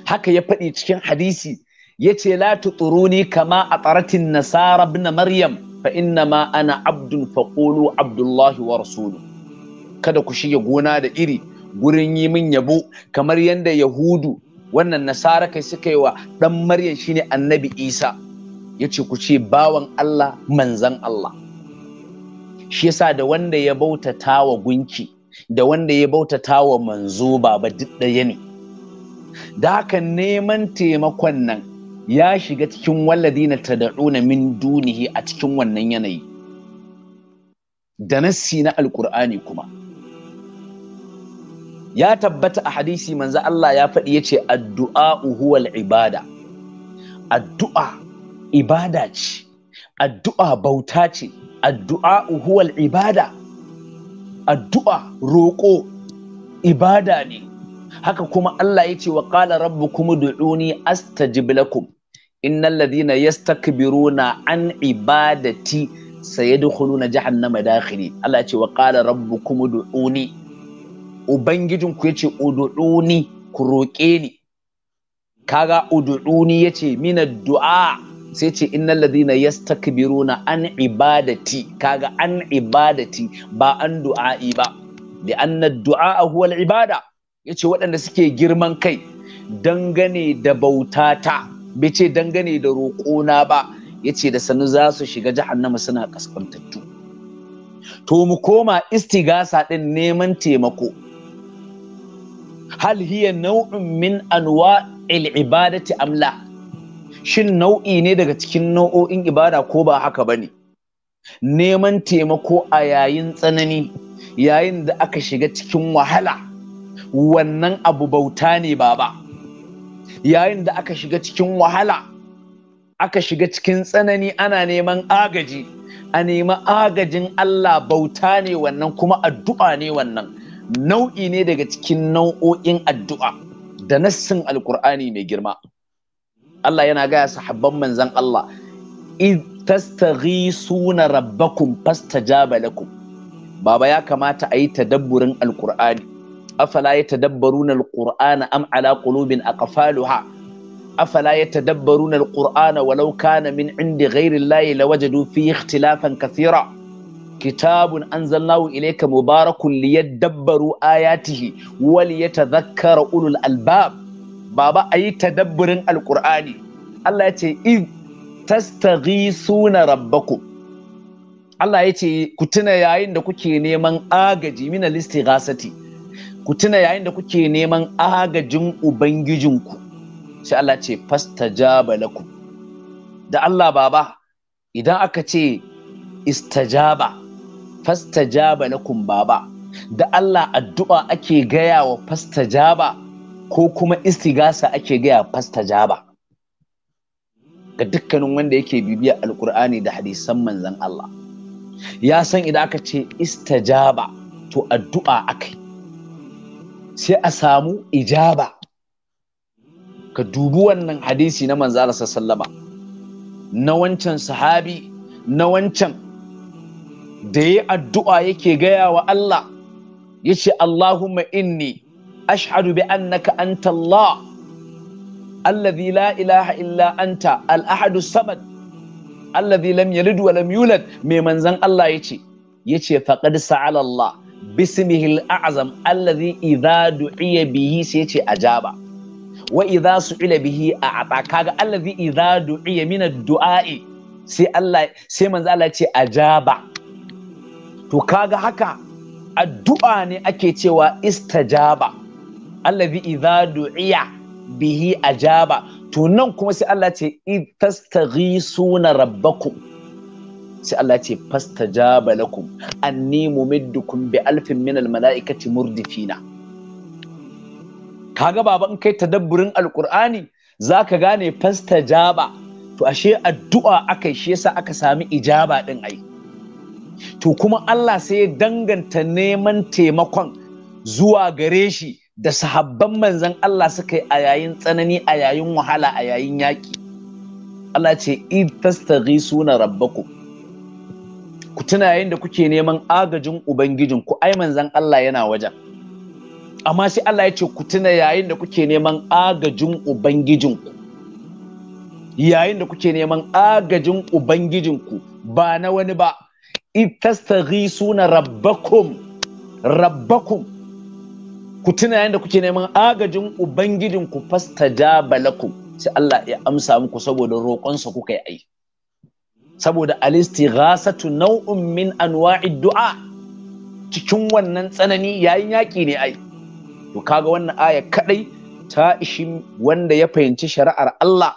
A: haka ya faɗi cikin hadisi ya ce la tuturuni kama a tsaratin nasara bin maryam fa inna ma ana abdun faƙulu abdullahi wa rasulu kada ku shige gona da iri gurin yi min yabo kamar yadda yahudu wannan nasara kai suka yi wa ɗan maryam shine annabi isa ya ce ku ce bawan allah manzan allah shi yasa da wanda ya bautata wa gunki da wanda ya bautata wa manzo baba duk ɗaya ne da haka neman taimakon nan ya shiga cikin walladina tada'una min dunihi a cikin wannan yanayi da nassi na alkur'ani kuma ya tabbata a hadisi manzo Allah ya faɗi yace addu'a huwal ibada addu'a ibada ce addu'a bauta ce addu'a huwal ibada addu'a roƙo ibada ne haka kuma Allah yace wa qala rabbukum ud'uni astajib lakum innal ladhina yastakbiruna an ibadati sayadkhuluna jahannama dakhili Allah yace wa qala rabbukum ud'uni ubangijinku ya ce ni ku roƙe ni kaga ududuni ya ce mina du'a sai ce innal ladina yastakbiruna an ibadati kaga an ibadati ba an du'a'i ba da anna du'a huwa ibada yace waɗanda suke girman kai dangane da bautata bai dangane da roƙona ba yace da sanu za su shiga jahannama suna kaskantattu to mu koma istigasa ɗin neman taimako hal hiya nau'in min anwa'il ibadati amla shin nau'i ne daga cikin nau'o'in ibada ko ba haka bane neman taimako a yayin tsanani yayin da aka shiga cikin wahala wannan abu bauta ne baba yayin da aka shiga cikin wahala aka shiga cikin tsanani ana neman agaji a nemi agajin Allah bauta ne wannan kuma addu'a ne wannan nau'i ne daga cikin nau'o'in addu'a da nassin alkur'ani mai girma Allah yana gaya sahabban manzan Allah in suna rabbakum fastajaba lakum baba ya kamata a yi tadabburin alkur'ani afala yatadabbaruna alqur'ana am ala qulubin aqfaluha afala yatadabbaruna alqur'ana walau kana min inda ghairi llahi lawajadu fihi ikhtilafan kathira kitabun anzalnahu ilaika mubarakun liyadabbaru ayatihi wa liyatadhakkara ulul albab baba ayi tadabburin alqur'ani Allah ya ce id tastaghisuna rabbakum Allah ya ce ku tuna yayin da kuke neman agaji min al-istighasati ku tuna yayin da kuke neman agajin ubangijinku sai Allah ce fastajaba lakum da Allah baba idan aka ce istajaba fastajaba na baba da Allah addu'a ake gaya wa fastajaba ko kuma istigasa ake gaya fastajaba ga dukkanin wanda yake bibiyar alkur'ani da hadisan manzan Allah ya san idan aka ce istajaba to addu'a akai sai a samu ijaba ka dubi wannan hadisi na manzala sallama na wancan sahabi na wancan da ya addu'a yake gaya wa Allah ya ce Allahumma inni ashhadu bi annaka anta Allah alladhi la ilaha illa anta al samad alladhi lam yalid wa lam yulad mai manzon Allah yace yace faqad sa'ala Allah bismihi al alladhi idha du'iya bihi sai yace ajaba wa idha su'ila bihi a'ata kaga alladhi idha du'iya min ad-du'a'i sai Allah sai manzon Allah yace ajaba to kaga haka addu'a ne ake cewa istajaba allazi idza du'iya bihi ajaba to nan kuma sai Allah ce tastaghisuna rabbakum sai Allah ce fastajaba lakum anni mumiddukum bi alfin minal mala'ikati murdifina kaga baba in kai tadabburin alqur'ani zaka gane fastajaba to ashe addu'a akai shi yasa aka sami ijaba din ai to kuma Allah sai ya danganta neman taimakon zuwa gare shi da sahabban manzan Allah suka yi a yayin tsanani a yayin wahala a yayin yaƙi Allah ce id tastaghisuna rabbakum ku tuna yayin da kuke neman agajin ubangijin ku ai manzan Allah yana wajen amma sai Allah ya ce ku tuna yayin da kuke neman agajin ubangijin ku yayin da kuke neman agajin ubangijin ku ba na wani ba suna rabbakum rabbakum ku tuna yadda kuke neman agajin ubangijin ku fasta da balaku sai Allah ya amsa muku saboda roƙonsa kuka yi ai saboda alistighasatu nau'un min anwa'id du'a cikin wannan tsanani yayin yaƙi ne ai to kaga wannan aya kadai ta ishi wanda ya fahimci shari'ar Allah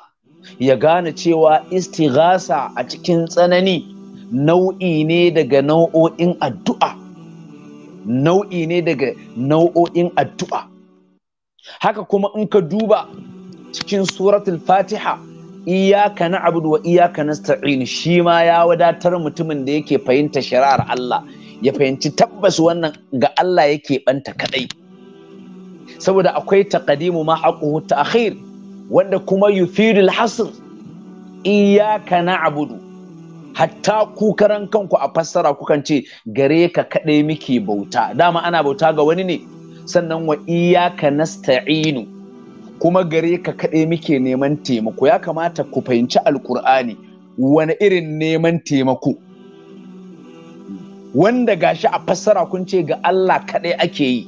A: ya gane cewa istighasa a cikin tsanani nau'i ne daga nau'o'in addu'a nau'i ne daga nau'o'in addu'a haka kuma in ka duba cikin suratul fatiha iyaka na wa iyaka na shi ma ya wadatar mutumin da yake fahimta shari'ar Allah ya fahimci tabbas wannan ga Allah yake banta kadai saboda akwai taqdimu ma haquhu ta'khir wanda kuma yufidul hasr iyaka na abudu hatta ku karan kanku a fassara kukan ce gare ka kaɗai muke bauta dama ana bauta ga wani ne sannan wa iyaka nasta'inu kuma gare ka kaɗai muke neman taimako ya kamata ku fahimci alkur'ani wani irin neman taimako wanda gashi a fassara kun ce ga Allah kaɗai ake yi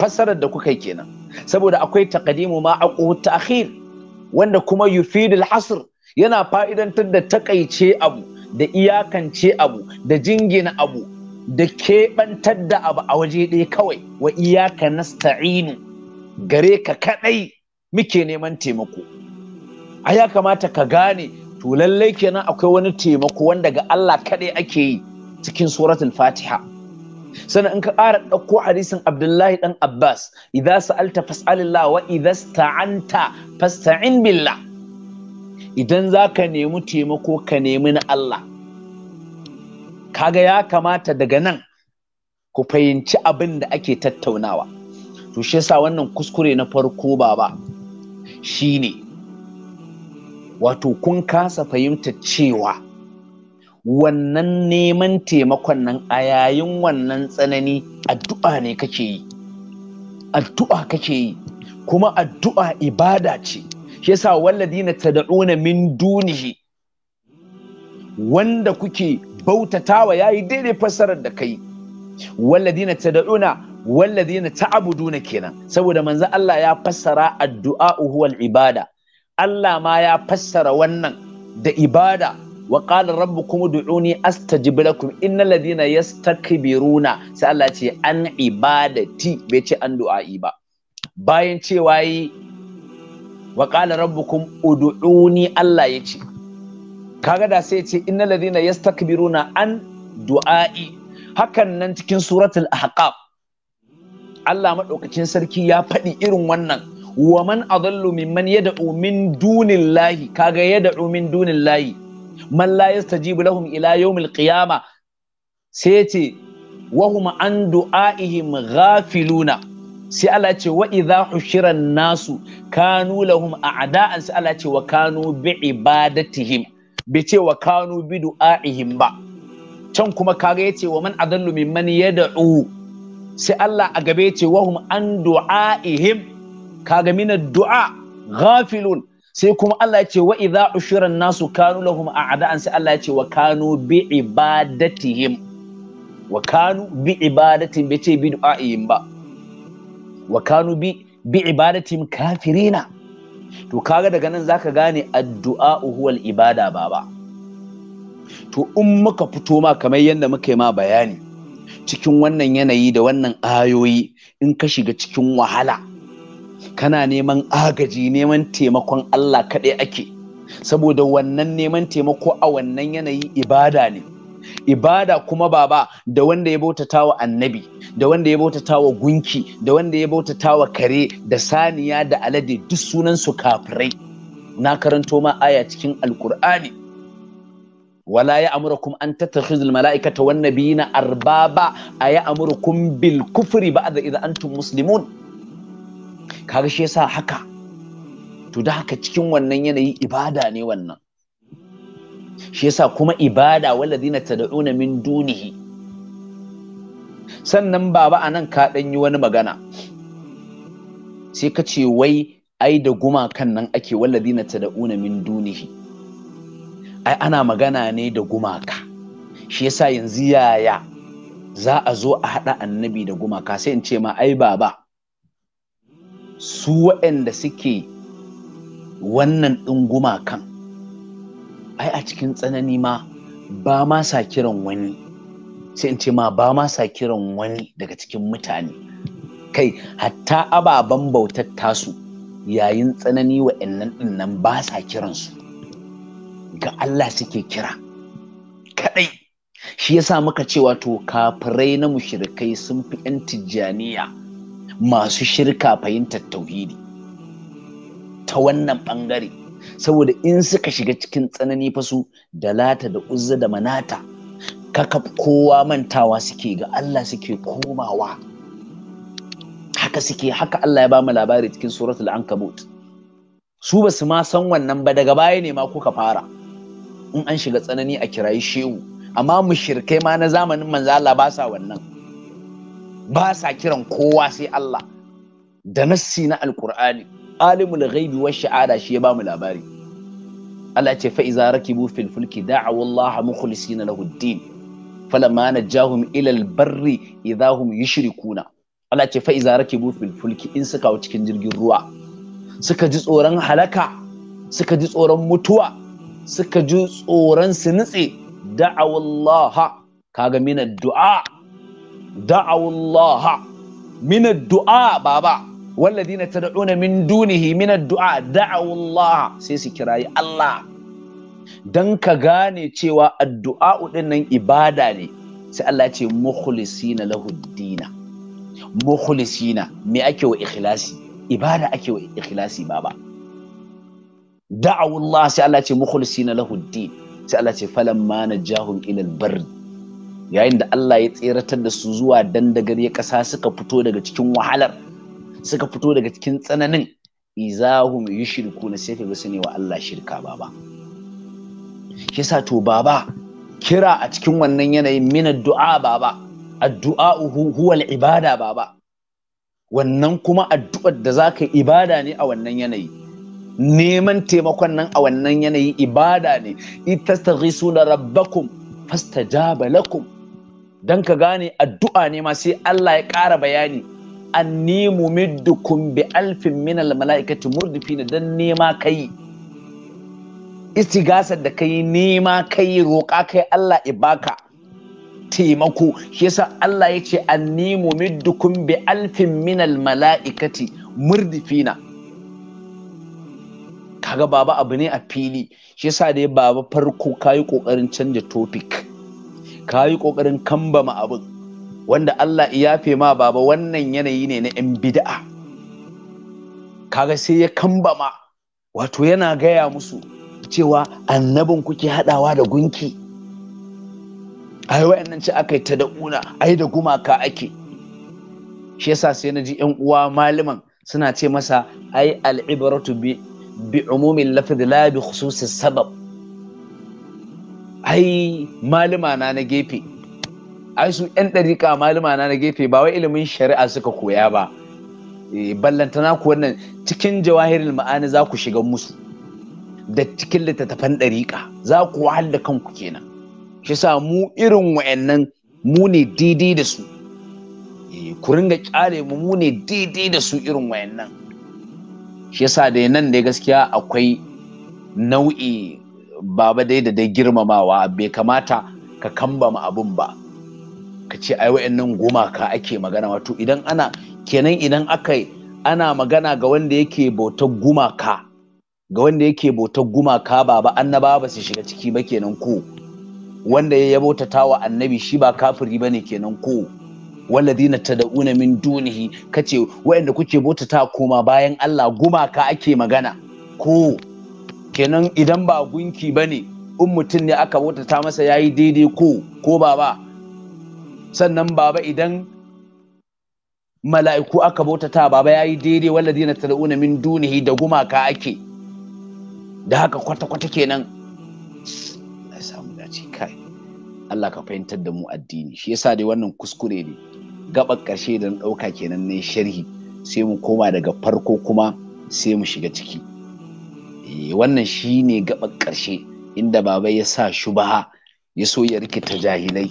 A: fassarar da kuka yi kenan saboda akwai taqdimu ma aqu ta'khir wanda kuma yufidul hasr yana fa'idantar da takaice abu da iyakance abu da jingina abu da keɓantar da abu a waje ɗaya kawai wa iyaka nasta'inu gare ka kaɗai muke neman taimako a ya kamata ka gane to lallai kenan akwai wani taimako wanda ga Allah kaɗai ake yi cikin suratul fatiha sannan in ka ƙara ɗauko hadisin abdullahi ɗan abbas idza sa'alta fas'alillah wa idza sta'anta fasta'in billah idan za ka nemi taimako ka nemi na Allah kaga ya kamata daga nan ku fahimci abin da ake tattaunawa to shi yasa wannan kuskure na farko baba shine wato kun kasa fahimta cewa wannan neman taimakon nan a yayin wannan tsanani addu'a ne kake yi addu'a kake yi kuma addu'a ibada ce shi yasa walladina tad'una min dunihi wanda kuke bautatawa yayi daidai fassarar da kai walladina tad'una walladina ta'buduna kenan saboda manzo Allah ya fassara addu'a huwal ibada Allah ma ya fassara wannan da ibada wa qala rabbukum ud'uni astajib lakum innal ladina yastakbiruna sai Allah ce an ibadati bai ce an du'a'i ba bayan cewa yi wa qala rabbukum ud'uni Allah yace kaga da sai yace innal ladina yastakbiruna an du'ai hakan nan cikin suratul ahqaf Allah madaukakin sarki ya faɗi irin wannan wa man adallu mimman yad'u min dunillahi kaga yad'u min dunillahi man la yastajibu lahum ila yawmil qiyamah sai yace wa hum an du'aihim ghafiluna sai Allah ce wa idza hushira nasu kanu lahum a'da'an sai Allah ce wa kanu bi ibadatihim bi ce wa kanu bi du'a'ihim ba can kuma kaga yace wa man adallu mimman yad'u sai Allah a gabe yace wa hum an du'a'ihim kaga min du'a ghafilun sai kuma Allah yace wa idza hushiran nasu kanu lahum a'da'an sai Allah yace wa kanu bi ibadatihim wa kanu bi ibadatin bi ce bi du'a'ihim ba wa kanu bi bi ibadatim kafirina to kaga daga nan zaka gane addu'a huwal ibada baba to in muka fito ma kamar yadda muka yi ma bayani cikin wannan yanayi da wannan ayoyi in ka shiga cikin wahala kana neman agaji neman taimakon Allah kaɗai ake saboda wannan neman taimako a wannan yanayi ibada ne ibada kuma baba da wanda ya bautata wa annabi da wanda ya bautata wa gunki da wanda ya bautata wa kare da saniya da alade duk sunan su kafirai na karanto ma aya cikin alkur'ani wala ya amurakum an tattakhidul mala'ikata wan nabiyina arbaba aya amurukum bil kufri ba'da idza antum muslimun kaga shi yasa haka to da haka cikin wannan yanayi ibada ne wannan shi yasa kuma ibada ta da'una min dunihi sannan baba anan ka ɗan yi wani magana sai ka ce wai ai da gumakan nan ake ta da'una min dunihi ai ana magana ne da gumaka shi yasa yanzu yaya za a zo a haɗa annabi da gumaka sai in ce ma ai baba su waɗanda suke wannan ɗin gumakan ai a cikin tsanani ma ba ma sa kiran wani sai in ce ma ba ma sa kiran wani daga cikin mutane kai hatta ababen bautar tasu yayin tsanani wa'annan dinnan ba sa kiransu ga Allah suke kira kadai shi yasa muka cewa wato kafirai na mushrikai sun fi 'yan tijjaniya masu shirka fahimtar tauhidi ta wannan bangare saboda in suka shiga cikin tsanani fa su da lata da uzza da manata kaka kowa mantawa suke ga Allah suke komawa haka suke haka Allah ya ba mu labari cikin suratul ankabut su ba su ma san wannan ba daga baya ne ma kuka fara in an shiga tsanani a kirayi shehu amma mushirkai ma na zamanin manzo Allah ba sa wannan ba sa kiran kowa sai Allah da nassi na alkur'ani alimul ghaibi wa sha'ada shi ya bamu labari Allah ce fa iza rakibu fil fulki da'a wallaha mukhlisina lahu ad-din falamma najahum ila al-barri idha hum yushrikuna Allah ce fa iza rakibu fil fulki in suka hau cikin jirgin ruwa suka ji tsoron halaka suka ji tsoron mutuwa suka ji tsoron su nutse da'a wallaha kaga min ad-du'a wallaha min ad-du'a baba walladina tad'una min dunihi min ad-du'a da'u Allah sai su kirayi Allah dan ka gane cewa addu'a din nan ibada ne sai Allah ya ce na lahu dina na me ake wa ikhlasi ibada ake wa ba ba? da'u Allah sai Allah ya ce mukhlisina lahu din sai Allah ya ce falamma najahum ila al-barr yayin da Allah ya tseratar da su zuwa dandagar ya ƙasa suka fito daga cikin wahalar suka fito daga cikin tsananin izahum yushriku na sai kaga su ne wa Allah shirka baba yasa to baba kira a cikin wannan yanayin min addu'a baba addu'a huwa ibada baba wannan kuma addu'ar da zaka yi ibada ne a wannan yanayi neman taimakon nan a wannan yanayi ibada ne Ita itastaghisuna rabbakum fastajaba lakum dan ka gane addu'a ne ma sai Allah ya ƙara bayani anni mumiddukum bi alfin min al mala'ikati murdifina dan nema kai istigasar da kai nema kai roƙa kai Allah ibaka taimako shi yasa Allah ya ce anni mumiddukum bi alfin min al mala'ikati murdifina kaga baba abu ne a fili shi yasa dai baba farko kayi kokarin canja topic kayi kokarin kambama abin wanda Allah ya fe ma baba wannan yanayi ne na 'yan bida'a. kaga sai ya kambama wato yana gaya musu cewa annabin kuke haɗawa da gunki ai wayannan ce aka yi ta da'una ai da gumaka ake shi yasa sai na ji 'yan uwa maliman suna ce masa ai al'ibaratu bi bi umumin lafi la bi sabab ai malima na na gefe ai su yan ɗariƙa malama na na gefe ba wai ilimin shari'a suka koya ba eh, ballantana ku wannan cikin jawahirin ma'ani za ku shiga musu da cikin littattafan ɗariƙa za ku wahal da kanku kenan shi sa mu irin wa'annan mu ne daidai da su eh, ku ringa kyale mu mu ne daidai da su irin wayannan shi yasa da nan da gaskiya akwai nau'i baba dai da dai girmamawa bai kamata ka kamba mu abun ba ka ce ai wa'annan gumaka ake magana wato idan ana kenan idan aka ana magana ga wanda yake bautar gumaka ga wanda yake bautar gumaka ba ba annaba ba su shiga ciki ba kenan ko wanda ya bautata wa annabi shi ba kafiri bane kenan ko walladina tad'una min dunihi kace wa'anda kuke bautata koma bayan Allah gumaka ake magana ko kenan idan ba gunki bane in mutum ne aka bautata masa yayi daidai ko ko ba sannan baba idan mala'iku aka bautata baba yayi daidai walladina tal'una min dunihi da gumaka ake da haka kwata kwata kenan Allah samu dace kai Allah ka fahimtar da mu addini shi yasa dai wannan kuskure ne gabar karshe da na ɗauka kenan ne sharhi sai mu koma daga farko kuma sai mu shiga ciki eh, wannan shine ne gabar karshe inda baba ya sa shubaha ya so ya rikita jahilai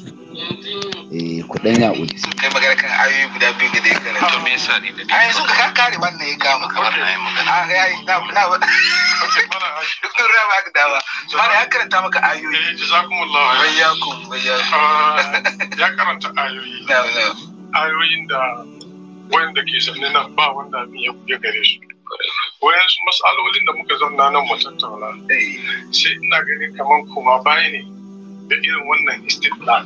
A: eh kuɗin ya uji kai
B: magana kan ayoyi guda biyu ga dai kana to me yasa ne da a yanzu ka kare wannan ya kama kamar na yi magana ah, a ga yi na na dukkan rama ka dawa mana ya karanta maka ayoyi eh
D: jazakumullahu bayyakum bayyakum ah, ya karanta ayoyi na na ayoyin da wanda ke sanne nan ba wanda abin ya kuge gare su wayansu matsalolin da muka zauna nan mu tattauna eh. sai ina ganin kamar kuma baya ne da irin wannan istiqlal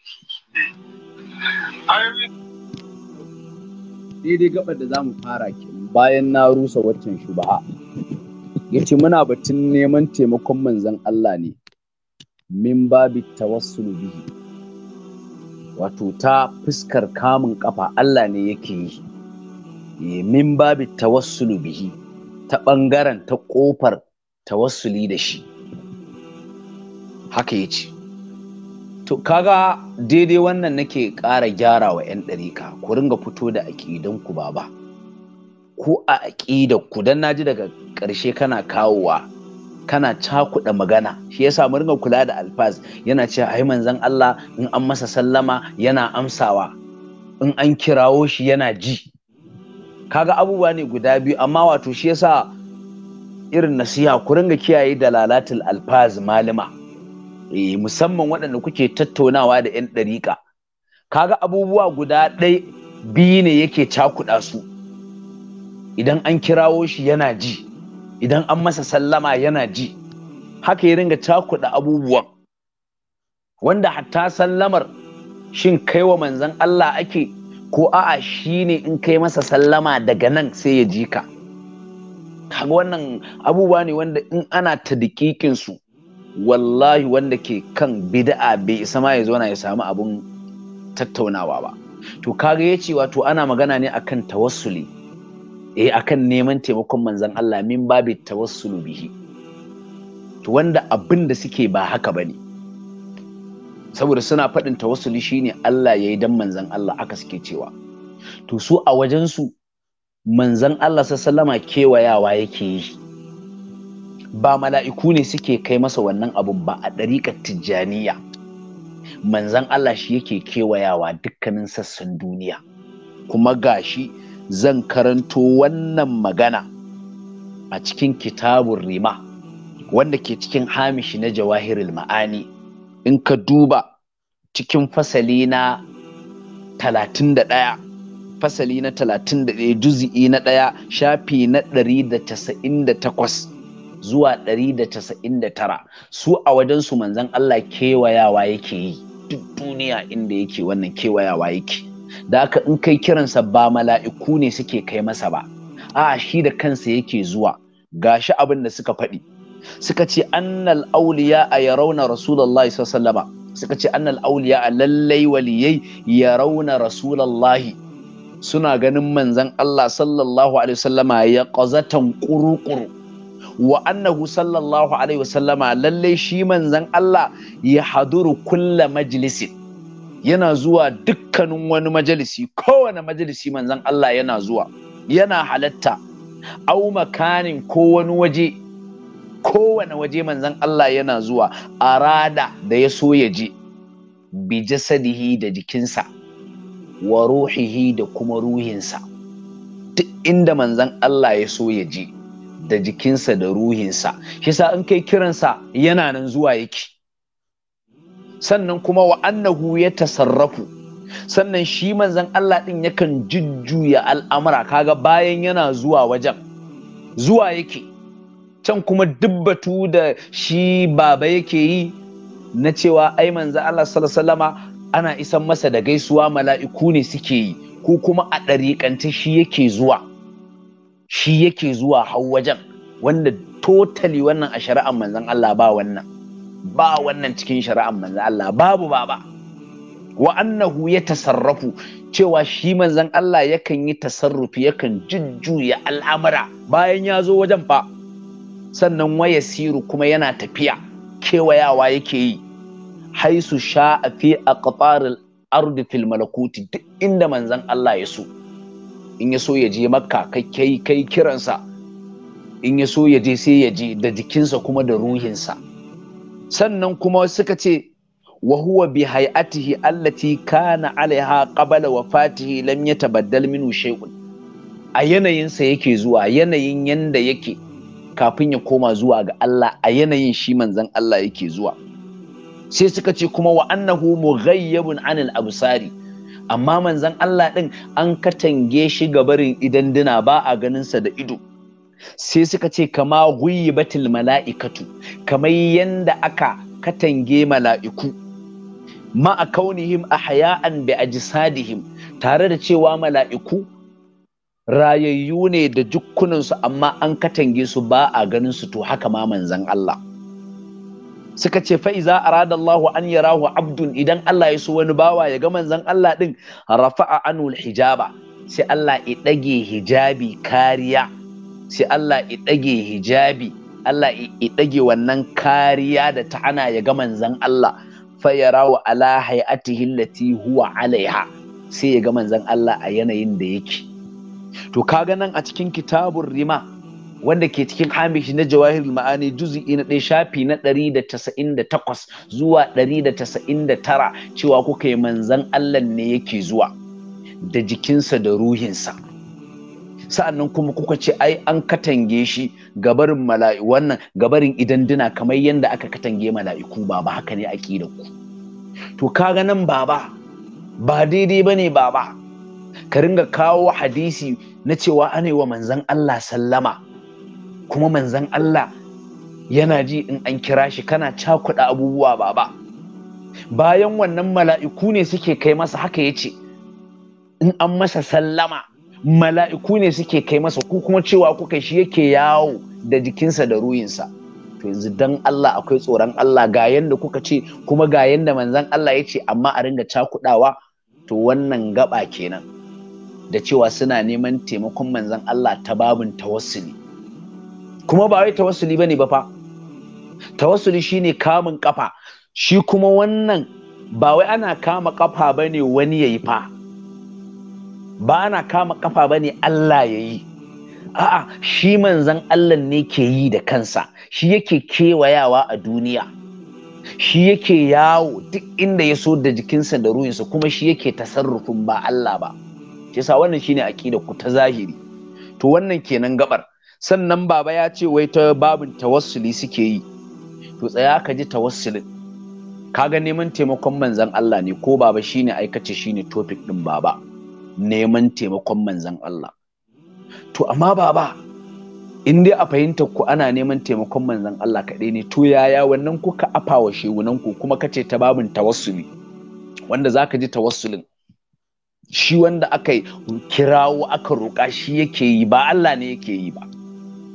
A: daidai gabar da za mu fara kenan bayan na rusa waccan shubaha ya ce muna batun neman taimakon manzan Allah ne min babi tawassulu bihi wato ta fuskar kamun kafa Allah ne yake yi eh, min babi tawassulu bihi ta ɓangaren ta ƙofar tawassuli da shi haka ya ce to kaga daidai wannan nake ƙara gyara wa 'yan ɗarika ku ringa fito da aƙidanku baba ko a aƙidanku don na ji daga ƙarshe kana kawowa kana cakuɗa magana shi yasa mu ringa kula da alfaz yana cewa ai manzon Allah in an masa sallama yana amsawa in an kirawo shi yana ji kaga abubuwa ne guda biyu amma wato shi yasa irin nasiha ku ringa kiyaye dalalatul alfaz malima eh musamman waɗanda kuke tattaunawa da 'yan ɗariƙa kaga abubuwa guda ɗai biyu ne yake cakuɗa su idan an kirawo shi yana ji idan an masa sallama yana ji haka ya ringa cakuɗa abubuwan wanda hatta sallamar shin kai wa manzan Allah ake ko a'a shi ne in kai masa sallama daga nan sai ya ji ka kaga wannan abubuwa ne wanda in ana ta su wallahi wanda ke kan bida'a bai isa ma ya zauna ya samu abun tattaunawa ba to kaga ya ce wato ana magana ne akan tawassuli eh akan neman taimakon manzon Allah min babi tawassulu bihi to wanda abin da suke ba haka bane saboda suna faɗin tawassuli shine Allah yayi dan manzon Allah aka suke cewa to su a wajen su manzon Allah sallama kewayawa yake yi ba mala'iku ne suke kai masa wannan abun ba a ɗariƙar tijjaniya manzan Allah shi yake kewayawa dukkanin sassan duniya kuma ga shi zan karanto wannan magana a cikin kitabun rima wanda ke cikin hamishi na jawahirul ma'ani in ka duba cikin fasali na 31 fasali na 31 juzi'i na ɗaya shafi na 198 zuwa 199 su a wajensu manzan Allah kewayawa yake yi duk duniya inda yake wannan kewayawa yake da haka in kai kiransa ba mala'iku ne suke kai masa ba a shi da kansa yake zuwa gashi abin da suka faɗi suka ce annal auliya a yarauna rasulullahi sallallahu suka ce annal auliya a lallai waliyai yarauna rasulullahi suna ganin manzan Allah sallallahu alaihi wasallama ya ƙazatan ƙuruƙuru wa annahu sallallahu alaihi wasallama lalle shi manzan Allah ya haduru kulla majlisin yana zuwa dukkanin wani majalisi kowane majalisi manzan Allah yana zuwa yana halatta au makanin ko wani waje kowane waje manzon Allah yana zuwa arada da ya so ya je bi jasadihi da jikinsa wa ruhihi da kuma ruhinsa duk inda manzan Allah ya so ya je da jikinsa da ruhinsa shi sa in kai kiransa yana nan zuwa yake sannan kuma wa annahu ya tasarrafu sannan shi manzan Allah ɗin yakan jujjuya al'amura kaga bayan yana zuwa wajen zuwa yake can kuma dubbatu da shi baba yake yi na cewa ai manzan Allah sallallahu ana isan masa da gaisuwa mala'iku ne suke yi ko kuma a ɗariƙance shi yake zuwa shi yake zuwa hau wajen wanda totali wannan a shari'ar Manzan Allah ba wannan ba wannan cikin shari'ar Manzan Allah babu baba wa annahu ya tasarrafu cewa shi Manzan Allah yakan yi tasarrufi yakan jujjuya al'amura bayan ya zo wajen fa sannan waya siru kuma yana tafiya kewayawa yake yi haisu sha'afi a aqtaril ardi malakuti duk inda Manzan Allah ya so in ya so ya je makka kai kai kai kiransa in ya so ya je sai ya je da jikinsa kuma da ruhinsa sannan kuma suka ce wa huwa bi hay'atihi allati kana alaiha qabla wafatihi lam yatabaddal minhu shay'un a yanayinsa yake zuwa yanayin yanda yake kafin ya koma zuwa ga Allah a yanayin shi manzon Allah yake zuwa sai suka ce kuma wa annahu mughayyabun anil absari amma manzan Allah ɗin an katange shi ga barin idan dina ba a ganinsa da ido sai suka ce kama batil mala'ikatu kamar yanda aka katange mala'iku ma'a kaunihim a haya'an bi ajsadihim tare da cewa mala'iku rayayyu ne da jukkunansu amma an katange su ba a ganin su to haka ma manzan Allah suka ce fa'iza arada Allahu an yarahu abdun idan Allah ya so wani bawa ya ga manzon Allah din rafa'a anul hijaba sai Allah ya dage hijabi kariya sai Allah ya dage hijabi Allah ya dage wannan kariya da ta ana ya ga manzon Allah fa yarahu ala hay'atihi allati huwa alaiha sai ya ga manzon Allah a yanayin da yake to kaga nan a cikin kitabur rima wanda ke cikin hamish na jawahir ma'ani juzi'i na ɗaya shafi na ɗari da 198 zuwa ɗari da 199 cewa kuka yi manzan Allah ne yake zuwa da jikinsa da ruhinsa nan kuma kuka ce ai an katange shi gabarin mala'i wannan gabarin idan dina kamar yadda aka katange mala'iku ba ba haka ne aƙidar ku to kaga nan baba ba daidai ba bane baba ka ringa kawo hadisi na cewa ana yi wa manzan Allah sallama kuma manzan Allah yana ji in an kira shi kana cakuɗa abubuwa baba bayan wannan mala'iku ne suke kai masa haka ya ce in an masa sallama mala'iku ne suke kai masa ku kuma cewa kuka shi yake yawo da jikinsa da ruyinsa. to yanzu dan Allah akwai tsoron Allah ga yanda kuka ce kuma ga yanda manzon Allah ya ce amma a ringa cakudawa to wannan gaba kenan da cewa suna neman taimakon manzon Allah ta babin tawassuli kuma ba wai tawassuli bane ba fa tawassuli shine kamun kafa shi kuma wannan ba wai ana kama kafa bane wani yayi fa ba ana kama kafa bane Allah yayi a'a shi manzon Allah ne ke yi da kansa shi yake kewayawa a duniya shi yake yawo duk inda ya so da jikinsa da ruhinsa kuma shi yake tasarrufin ba Allah ba shi sa wannan shine aqida ku ta zahiri to wannan kenan gabar sannan baba ya ce wai ta babin tawassuli suke yi to tsaya ka ji tawassulin kaga neman taimakon manzan Allah ne ko baba shine aikace shine topic din baba neman taimakon manzan Allah to amma baba in dai a fahimtar ku ana neman taimakon manzan Allah kaɗai ne to yaya wannan kuka afawa shegunan ku kuma kace ta babin tawassuli wanda zaka ji tawassulin shi wanda aka kirawo aka roƙa shi yake yi ba Allah ne yake yi ba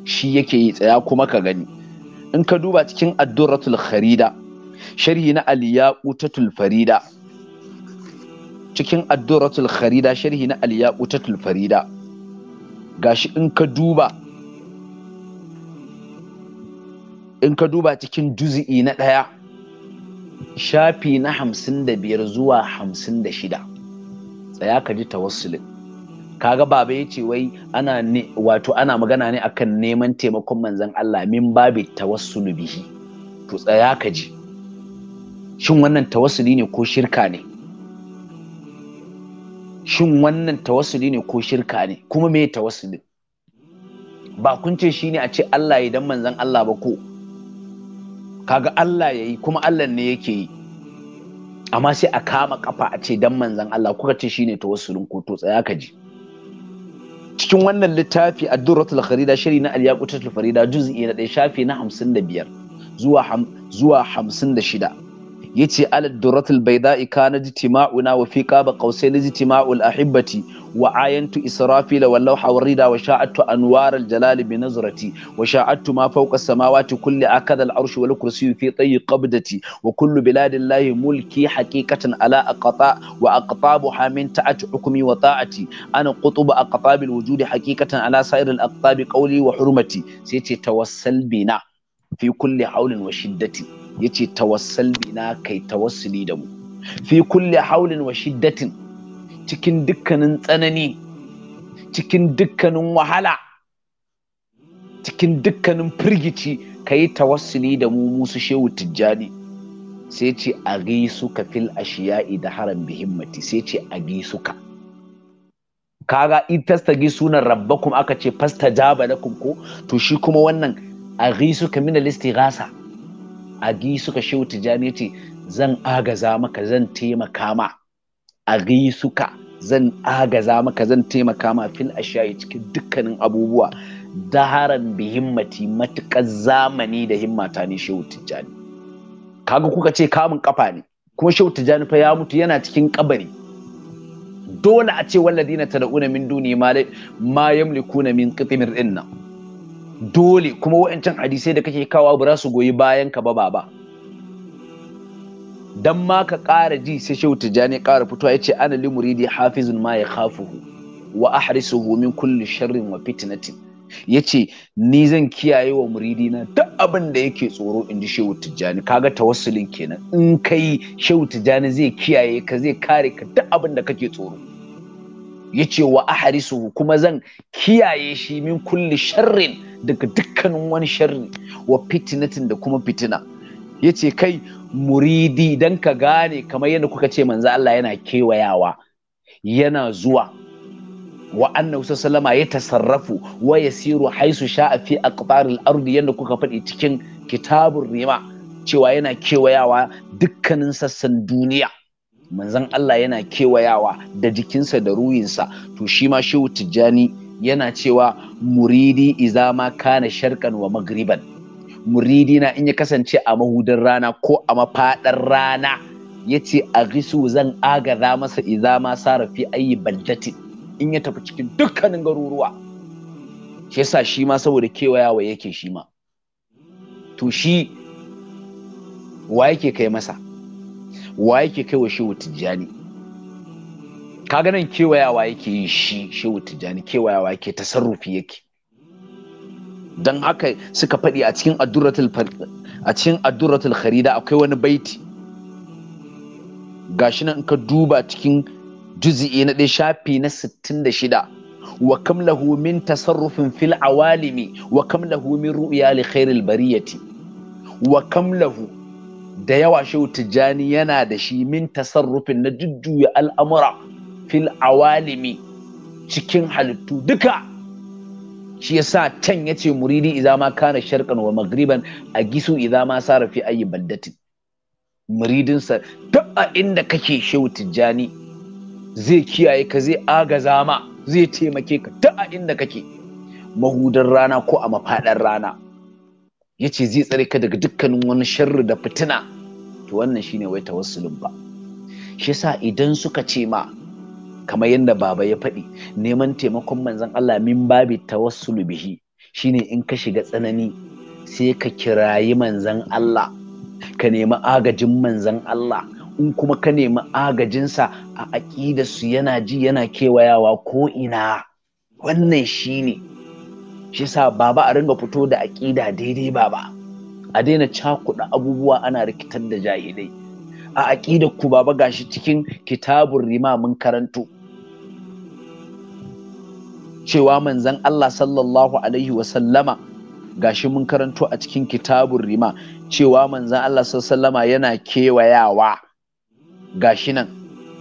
A: shi yake yi tsaya kuma ka gani in ka duba cikin addurratul kharida sharhi na aliyaqutatul farida cikin addurratul kharida sharhi na aliyaqutatul farida gashi in ka duba in ka duba cikin juz'i na ɗaya shafi na hamsin da biyar zuwa hamsin da shida tsaya ka ji tawassulin kaga baba ya ce wai ana ne wato ana magana ne akan neman taimakon manzon Allah min babi tawassulu bihi to tsaya ka ji shin wannan tawassuli ne ko shirka ne shin wannan tawassuli ne ko shirka ne kuma me tawassuli ba kun ce shine a ce Allah ya dan manzon Allah ba ko kaga Allah yayi kuma Allah ne yake yi amma sai a kama kafa a ce dan manzon Allah kuka ce shine tawassulin ko to tsaya ka ji cikin wannan littafi ad-durratul shiri na al-yaqutatul farida juz'i na ɗaya shafi na 55 zuwa zuwa 56 yace alad duratul bayda'i kana jitima'una wa fi qaba qausain jitima'ul ahibbati wa ayantu israfil wallahu hawarida wa sha'atu anwaral jalali bi nazrati wa sha'atu ma fawqa samawati kulli akada al arsh wal kursi fi tayyi qabdati wa kullu biladillahi mulki haqiqatan ala aqta wa aqtabuha min ta'ati hukmi wa ta'ati ana qutub aqtabil wujudi haqiqatan ala sa'ir al aqtabi qawli wa hurmati sai ce tawassal bina fi kulli hawlin wa shiddati yace tawassal bina kai tawassuli da mu fi kulli haulin wa shiddatin cikin dukkanin tsanani cikin dukkanin wahala cikin dukkanin firgici ka yi tawassuli da mu musu shehu tijjani sai ce a suka fil ashiya'i da haram himmati sai ce a suka kaga in tastagi sunan rabbakum aka ce fasta jaba lakum ko to shi kuma wannan a suka mina listi gasa gi suka shehu tijjani ce zan agaza maka zan taimaka ma gi suka zan agaza maka zan taimaka ma fil ashayi cikin dukkanin abubuwa daharan bi himmati matukar zamani da himmata ne shehu tijjani kaga kuka ce kamun kafa ne kuma shehu tijjani fa ya mutu yana cikin kabari dole a ce walladina tad'una min duni ma yamlikuna min qitmir dinnan dole kuma wa'ancan hadisai da kake kawo ba za su goyi bayan ka ba baba dan ma ka ƙara ji sai shehu tijjani ƙara fitowa ya ce ana li muridi hafizun ma ya khafuhu wa ahrisuhu min kulli sharrin wa fitnatin yace ni zan kiyaye wa muridi na duk abin da yake tsoro in ji shehu tijjani kaga tawassulin kenan in kai shehu tijjani zai kiyaye ka zai kare ka duk abin da kake tsoro Ya ce wa aharisu kuma zan kiyaye shi min kulli sharrin daga dukkanin wani sharri wa fitinatin da kuma fitina ce kai muridi don ka gane kamar yadda kuka ce manzo Allah yana kewayawa yana zuwa wa annahu sallama ya tasarrafu wa yasiru haisu sha'a fi aqbaril ardi yadda kuka faɗi cikin kitabun rima cewa yana kewayawa dukkanin sassan duniya manzon Allah yana kewayawa da jikinsa da ruhinsa to shi ma shehu tijjani yana cewa muridi izama kana sharkan wa magriban muridi na in ya kasance a mahudin rana ko a mafaɗar rana ya ce a gisu zan agaza masa izama sarafi ayi baldati in ya tafi cikin dukkanin garuruwa shi yasa shi ma saboda kewayawa yake shi ma to shi wa yake kai masa wa yake kai wa shehu tijjani Ka nan kewayawa yake yi shi shehu tijjani kewayawa yake tasarrufi yake don haka suka faɗi a cikin adduratul a cikin adduratul kharida akwai wani baiti gashi nan in ka duba cikin juz'i na ɗaya shafi na 66 wa kam lahu min tasarrufin fil awalimi wa kam lahu min ru'ya li khairil bariyati wa kam lahu da yawa shehu tijjani yana da shi min tasarrufin na jujjuya al'amura fil awalimi cikin halittu duka shi ya sa can ya ce muridi Iza ma kana sharqan wa magriban a gisu idan ma sara fi ayi baldatin muridinsa duk a inda kake shehu tijjani zai kiyaye ka zai agaza ma zai taimake ka duk a inda kake mahudar rana ko a mafadar rana ya ce zai tsare ka daga dukkanin wani sharri da fitina to wannan shine wai tawassulin ba shi yasa idan suka ce ma kamar yadda baba ya faɗi neman taimakon manzon Allah min babi tawassulu bihi shine in ka shiga tsanani sai ka kirayi manzon Allah ka nemi agajin manzon Allah in kuma ka nemi agajinsa a aƙidarsu yana ji yana kewayawa ko ina wannan shine ne shi yasa baba a ringa fito da aƙida daidai baba a daina cakuɗa abubuwa ana rikitar da jahilai a aƙidar ku baba gashi cikin kitabun rima mun karanto cewa manzan Allah sallallahu alaihi wasallama gashi mun karanto a cikin kitabun rima cewa manzan Allah sallama yana kewayawa gashi nan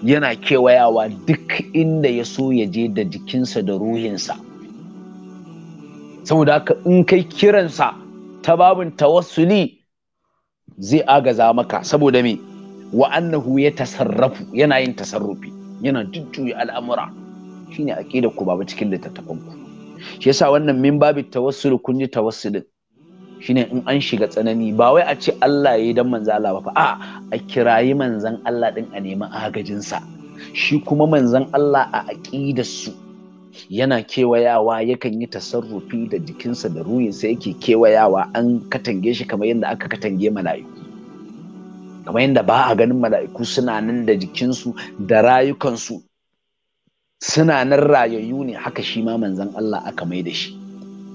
A: yana kewayawa duk inda ya so ya je da jikinsa da ruhinsa saboda haka in kai kiransa ta babin tawassuli zai agaza maka saboda me wa annahu ya tasarrafu yana yin tasarrufi yana jujjuya al'amura shine aqidar ku babu cikin littattafan ku shi yasa wannan min babu tawassul kun ji tawassulin shine in an shiga tsanani ba wai a ce Allah yayi dan manzo Allah ba fa a a kirayi manzon Allah din a nemi agajinsa shi kuma manzon Allah a aqidar su yana kewayawa yakan yi tasarrufi da jikinsa da ruhinsa yake kewayawa an katange shi kamar yadda aka katange mala'iku kamar yadda ba a ganin mala'iku suna nan da jikinsu da rayukansu suna nan rayayyu ne haka shi ma manzan Allah aka mai da shi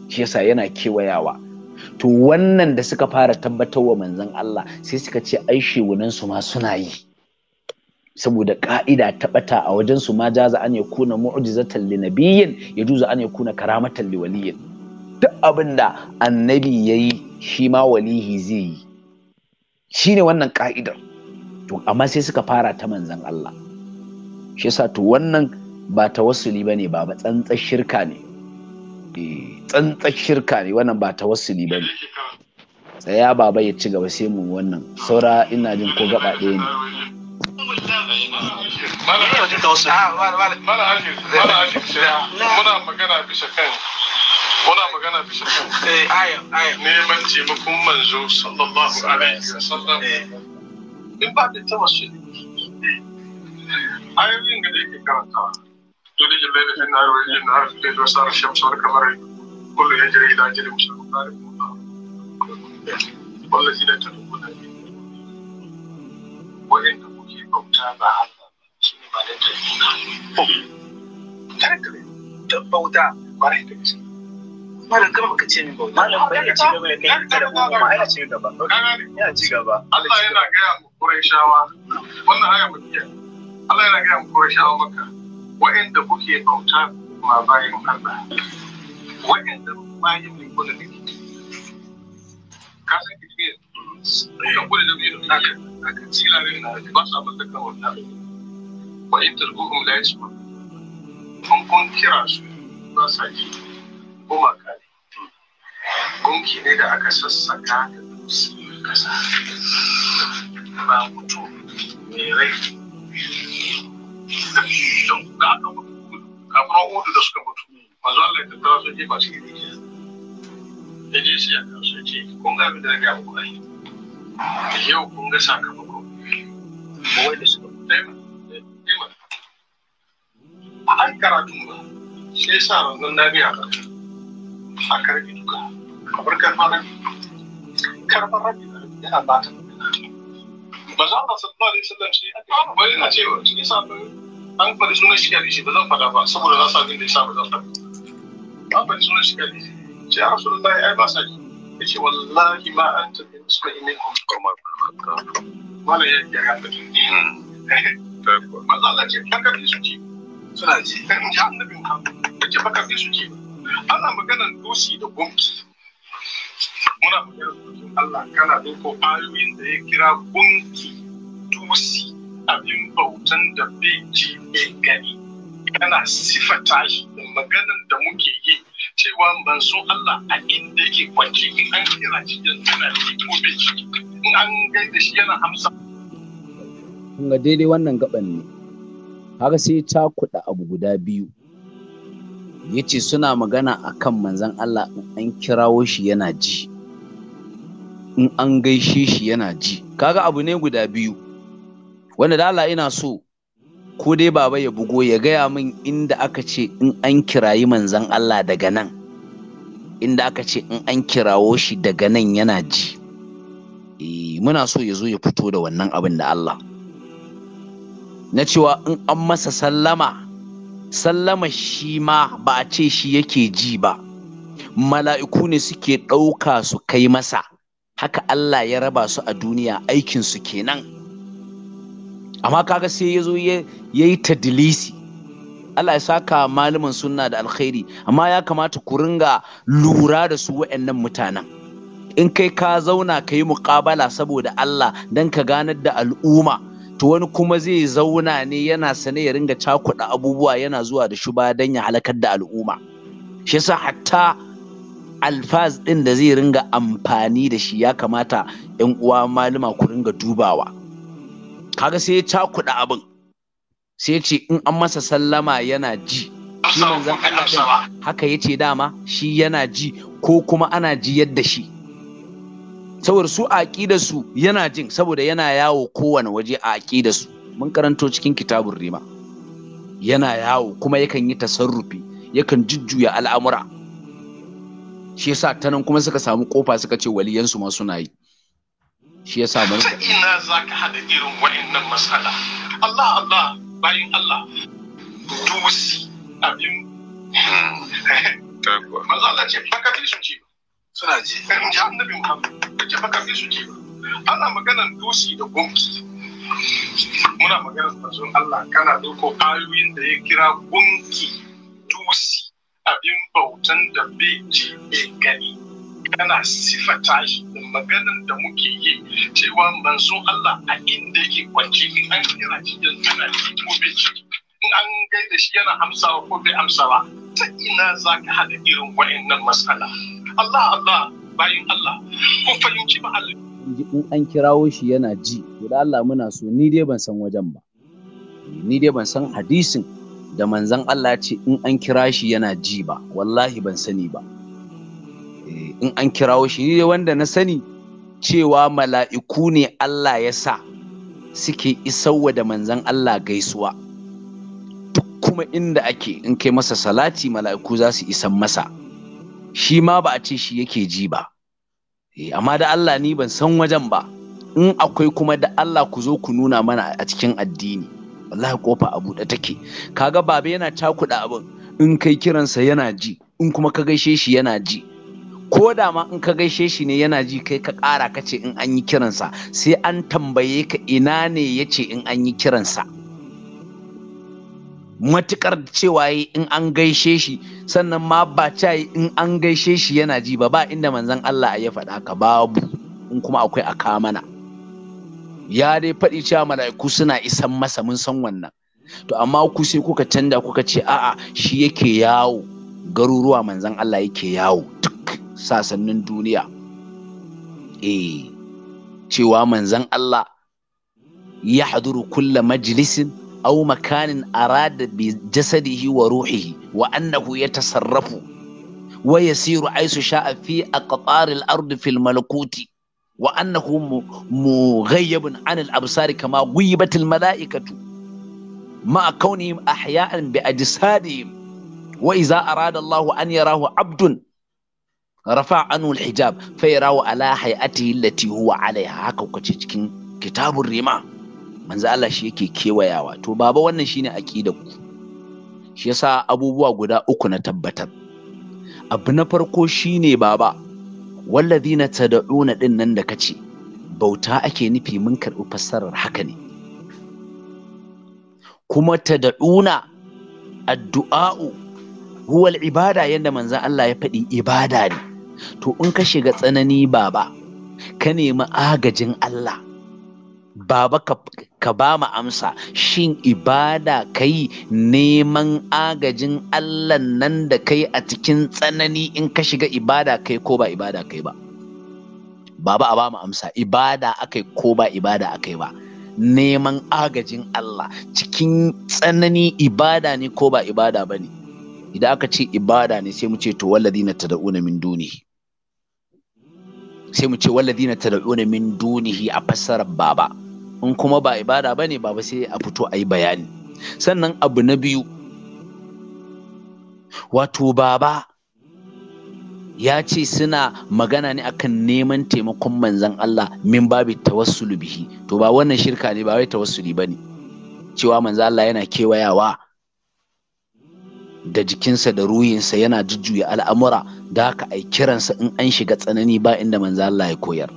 A: shi yasa yana kewayawa to wannan da suka fara tabbatar wa manzan Allah sai suka ce ai shewunansu ma suna yi saboda ka'ida ta bata a wajen su ma jaza an ya kuna mu'jizatan li nabiyyin ya juza an ya kuna karamatan li waliyin duk abin da annabi yayi shi ma walihi zai yi shine wannan ka'idar to amma sai suka fara ta manzan Allah shi yasa to wannan ba ta wasuli bane ba ba tsantsar shirka ne eh, tsantsar shirka ne wannan ba ta wasuli bane tsaya baba ya ci gaba sai mu wannan saura ina jin ko gaba ɗaya ne mala yau duka wasu mala ashir mala
D: muna magana bisa kan muna magana bisa kan eh, neman taimakon manzo sallallahu alaihi wasallam eh. in ba da tawassul eh. ayoyin da yake karantawa da الليل في النهار ويولج النهار في الليل وسار الشمس والقمر كل يجري الى ta مسمى والذين تدعون من وان kuke bauta ba. baka ce malam gaba kai kada kuma ma ya ci gaba Allah yana gaya mu Qurayshawa wannan aya mutiya Allah yana gaya mu Qurayshawa maka wa'anda kuke bauta ma bayin Allah wa'anda bayin ne kullu ne ka san kike da kullu da ne da aka aka tilare da ba sa wa in tarkuhum la yasma kun kun kira su ba sa ji gumaka ne gunki ne da aka sassaka da dutse kasa ba mutum mai rai da don ga kafiran udu da suka mutu manzo Allah ya tattara su jefa su gidi ya je sai ya kasu ya ce yau kun ga A an karatu ba sai sa ranzan na biya ba a karbi duka kamar karfa na karfar rabi yana ba ta ba za a san da sallam sai a kawo bari na cewa cikin sabon an faɗi suna shi kari shi ba zan faɗa ba saboda na sa da sa ba zan faɗa an faɗi suna shi kari shi sai a rasu da ai ba sa ji ya ce wallahi ma an tafi suka yi min kuma wala ya yi ya haɗa matsala hmm. ce ta karfi su ce suna ji kai ji annabin ka baka su ji ana maganar dosi da gunki muna maganar dokin Allah kana dauko ayoyin da ya kira gunki dosi abin bautan da bai ji gani kana sifata shi da maganar da muke yi cewa manzo Allah a inda yake kwanci in an kira shi yanzu na ko bai in an gaida shi yana amsa.
E: Kun
A: ga daidai wannan gaban ne. har sai ya cakuɗa abu guda biyu ya ce suna magana a kan manzan Allah in an kirawo shi yana ji in an gaishe shi yana ji kaga abu ne guda biyu wanda da Allah ina so ko dai baba ya bugo ya gaya min inda aka ce in an kirayi manzan Allah daga nan inda aka ce in an kirawo shi daga nan yana ji E, muna so ya zo ya fito da wannan abin da Allah na cewa in an masa sallama sallama shi ma ba a ce shi yake ji ba mala'iku ne suke ɗauka su kai masa haka Allah ya raba su a duniya aikin aikinsu kenan amma kaga sai ya zo ya yi tadilisi Allah ya saka malaman sunna da alkhairi amma ya kamata ku ringa lura da su waɗannan mutanen in kai ka zauna ka yi muƙabala saboda Allah don ka ganar da al'umma to wani kuma zai zauna ne yana sane ya ringa cakuɗa abubuwa yana zuwa da shuba dan ya halakar da al'umma shi yasa hatta alfaz ɗin da zai ringa amfani da shi ya kamata yan uwa malama ku ringa dubawa kaga sai ya cakuɗa abin sai ce in an masa sallama yana ji shi Allah haka yace dama shi yana ji ko kuma ana ji yadda shi saboda su a su yana jin saboda yana yawo kowane waje a su mun karanto cikin kitabun rima yana yawo kuma yakan yi tasarrufi yakan jujjuya al'amura shi yasa ta nan kuma suka samu kofa suka ce waliyansu ma suna yi shi yasa mun ta
D: ina ka hada irin wa'annan masala Allah Allah bayin Allah dusi abin hmm. mazala ce bakatin su ce suna ji in ji annabi muhammad kake fa kafin su ji ana maganar dosi da gunki muna maganar manzon Allah kana dauko ayoyin da ya kira gunki tusi abin bautan da bai ji bai gani kana sifata shi da maganan da muke yi cewa manzon Allah a inda yake kwanci in an kira shi da suna ko bai ji in an gaida shi yana amsawa ko bai amsawa ta ina za ka haɗa irin wa'annan matsala Allah Allah bayin Allah fahimci Allah.
A: in an kirawo shi yana ji guda Allah muna so ni dai ban san wajen ba ni dai ban san hadisin da manzan Allah ce in an kira shi yana ji ba wallahi ban sani ba eh, in an kirawo shi ni dai wanda na sani cewa mala'iku ne Allah ya sa suke isarwa da manzan Allah gaisuwa duk kuma inda ake in kai masa salati mala'iku za su isan masa shi ma ba a ce shi yake ji ba eh, amma da Allah ni ban san wajen ba in akwai kuma da Allah ku zo ku nuna mana a cikin addini wallahi kofa a buɗe take kaga baba yana cakuɗa abin in kai kiransa yana ji in kuma ka gaishe shi yana ji ko da ma in ka gaishe shi ne yana ji kai ka kara ka ce in an yi kiransa sai an tambaye ka ina ne ya ce in an yi kiransa matukar cewa yi in an gaishe shi sannan ma ba ca yi in an gaishe shi yana ji ba ba inda manzan Allah ya faɗa ka babu in kuma akwai a kamana ya dai faɗi cewa mala'iku suna isan masa mun san wannan to amma ku sai kuka canja kuka ce a'a shi yake yawo garuruwa manzan Allah yake yawo duk sasannin duniya eh cewa manzan Allah ya haduru kulle majlisin aw makanin arada bi jasadihi wa ruhihi wa annahu yatasarrafu wa yasiru aisu sha'a fi aqtar al-ard fi al-malakuti wa annahu mughayyibun an al-absar kama ghuyibat al-mala'ikatu ma kaunihim ahya'an bi ajsadihim wa idza arada Allah an yarahu 'abdun rafa anhu al-hijab fa yarahu ala hay'atihi allati huwa 'alayha haka kace cikin kitabun rima manzo Allah shi yake kewayawa to baba wannan shine akida ku shi yasa abubuwa guda uku na tabbatar abu na farko shine baba walladhina tad'una din nan da kace bauta ake nufi mun karɓi fassarar haka ne kuma tad'una addu'a'u huwal ibada yadda manzon Allah ya faɗi ibada ne to in ka shiga tsanani baba ka nemi agajin Allah baba ka ka ba mu amsa shin ibada kai neman agajin Allah nan da kai a cikin tsanani in ka shiga ibada kai ko ba ibada kai ba baba a ba mu amsa ibada akai ko ba ibada akai ba neman agajin Allah cikin tsanani ibada ne ko ba ibada ba ne idan aka ce ibada ne sai mu ce to walladina tad'una min dunihi sai mu ce walladina tad'una min dunihi a fassarar baba in kuma ba ibada ba ne ba sai a fito a yi bayani sannan abu na biyu wato baba ya ce suna magana ne akan neman taimakon manzan Allah min babu tawassulu bihi to ba wannan shirka ne ba wai tawassuli bane cewa manzan Allah yana kewayawa da jikinsa da ruhinsa yana jujjuya al'amura da haka ai kiransa in an shiga tsanani ba inda manzan Allah ya koyar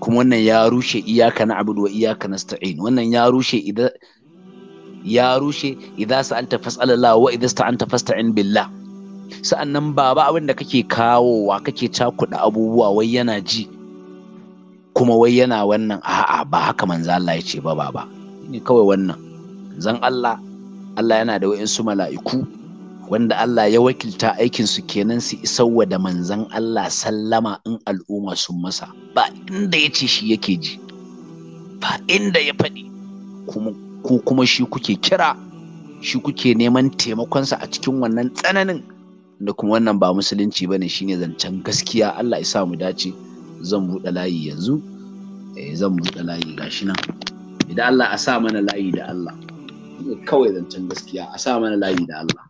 A: kuma wannan ya rushe iyaka na abudu wa iyaka na sta'in wannan ya rushe idan ya rushe idan sa'alta fas'alallah wa idan sta'anta fasta'in billah sa'annan baba abin da kake kawowa kake cakuɗa abubuwa wai yana ji kuma wai yana wannan a'a ba haka manzo Allah ya ce ba baba ne kawai wannan zan Allah Allah yana da wa'insu mala'iku wanda Allah ya wakilta aikinsu kenan su isarwa da manzan Allah sallama in al'umma sun masa ba inda ya ce shi yake ji ba inda ya faɗi ko kuma shi kuke kira shi kuke neman taimakonsa a cikin wannan tsananin da kuma wannan ba musulunci bane shine zancen gaskiya Allah ya sa mu dace zan buɗe layi yanzu eh zan buɗe layi gashi nan idan Allah a sa mana layi da Allah kawai zancen gaskiya a sa mana layi da Allah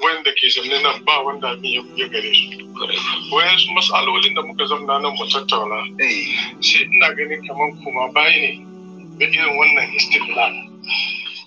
D: wanda ke zaune nan ba wanda abin ya gare su wayansu matsalolin da muka zama nan mu tattauna eh. sai ina ganin kamar kuma bayi ne da irin wannan istifla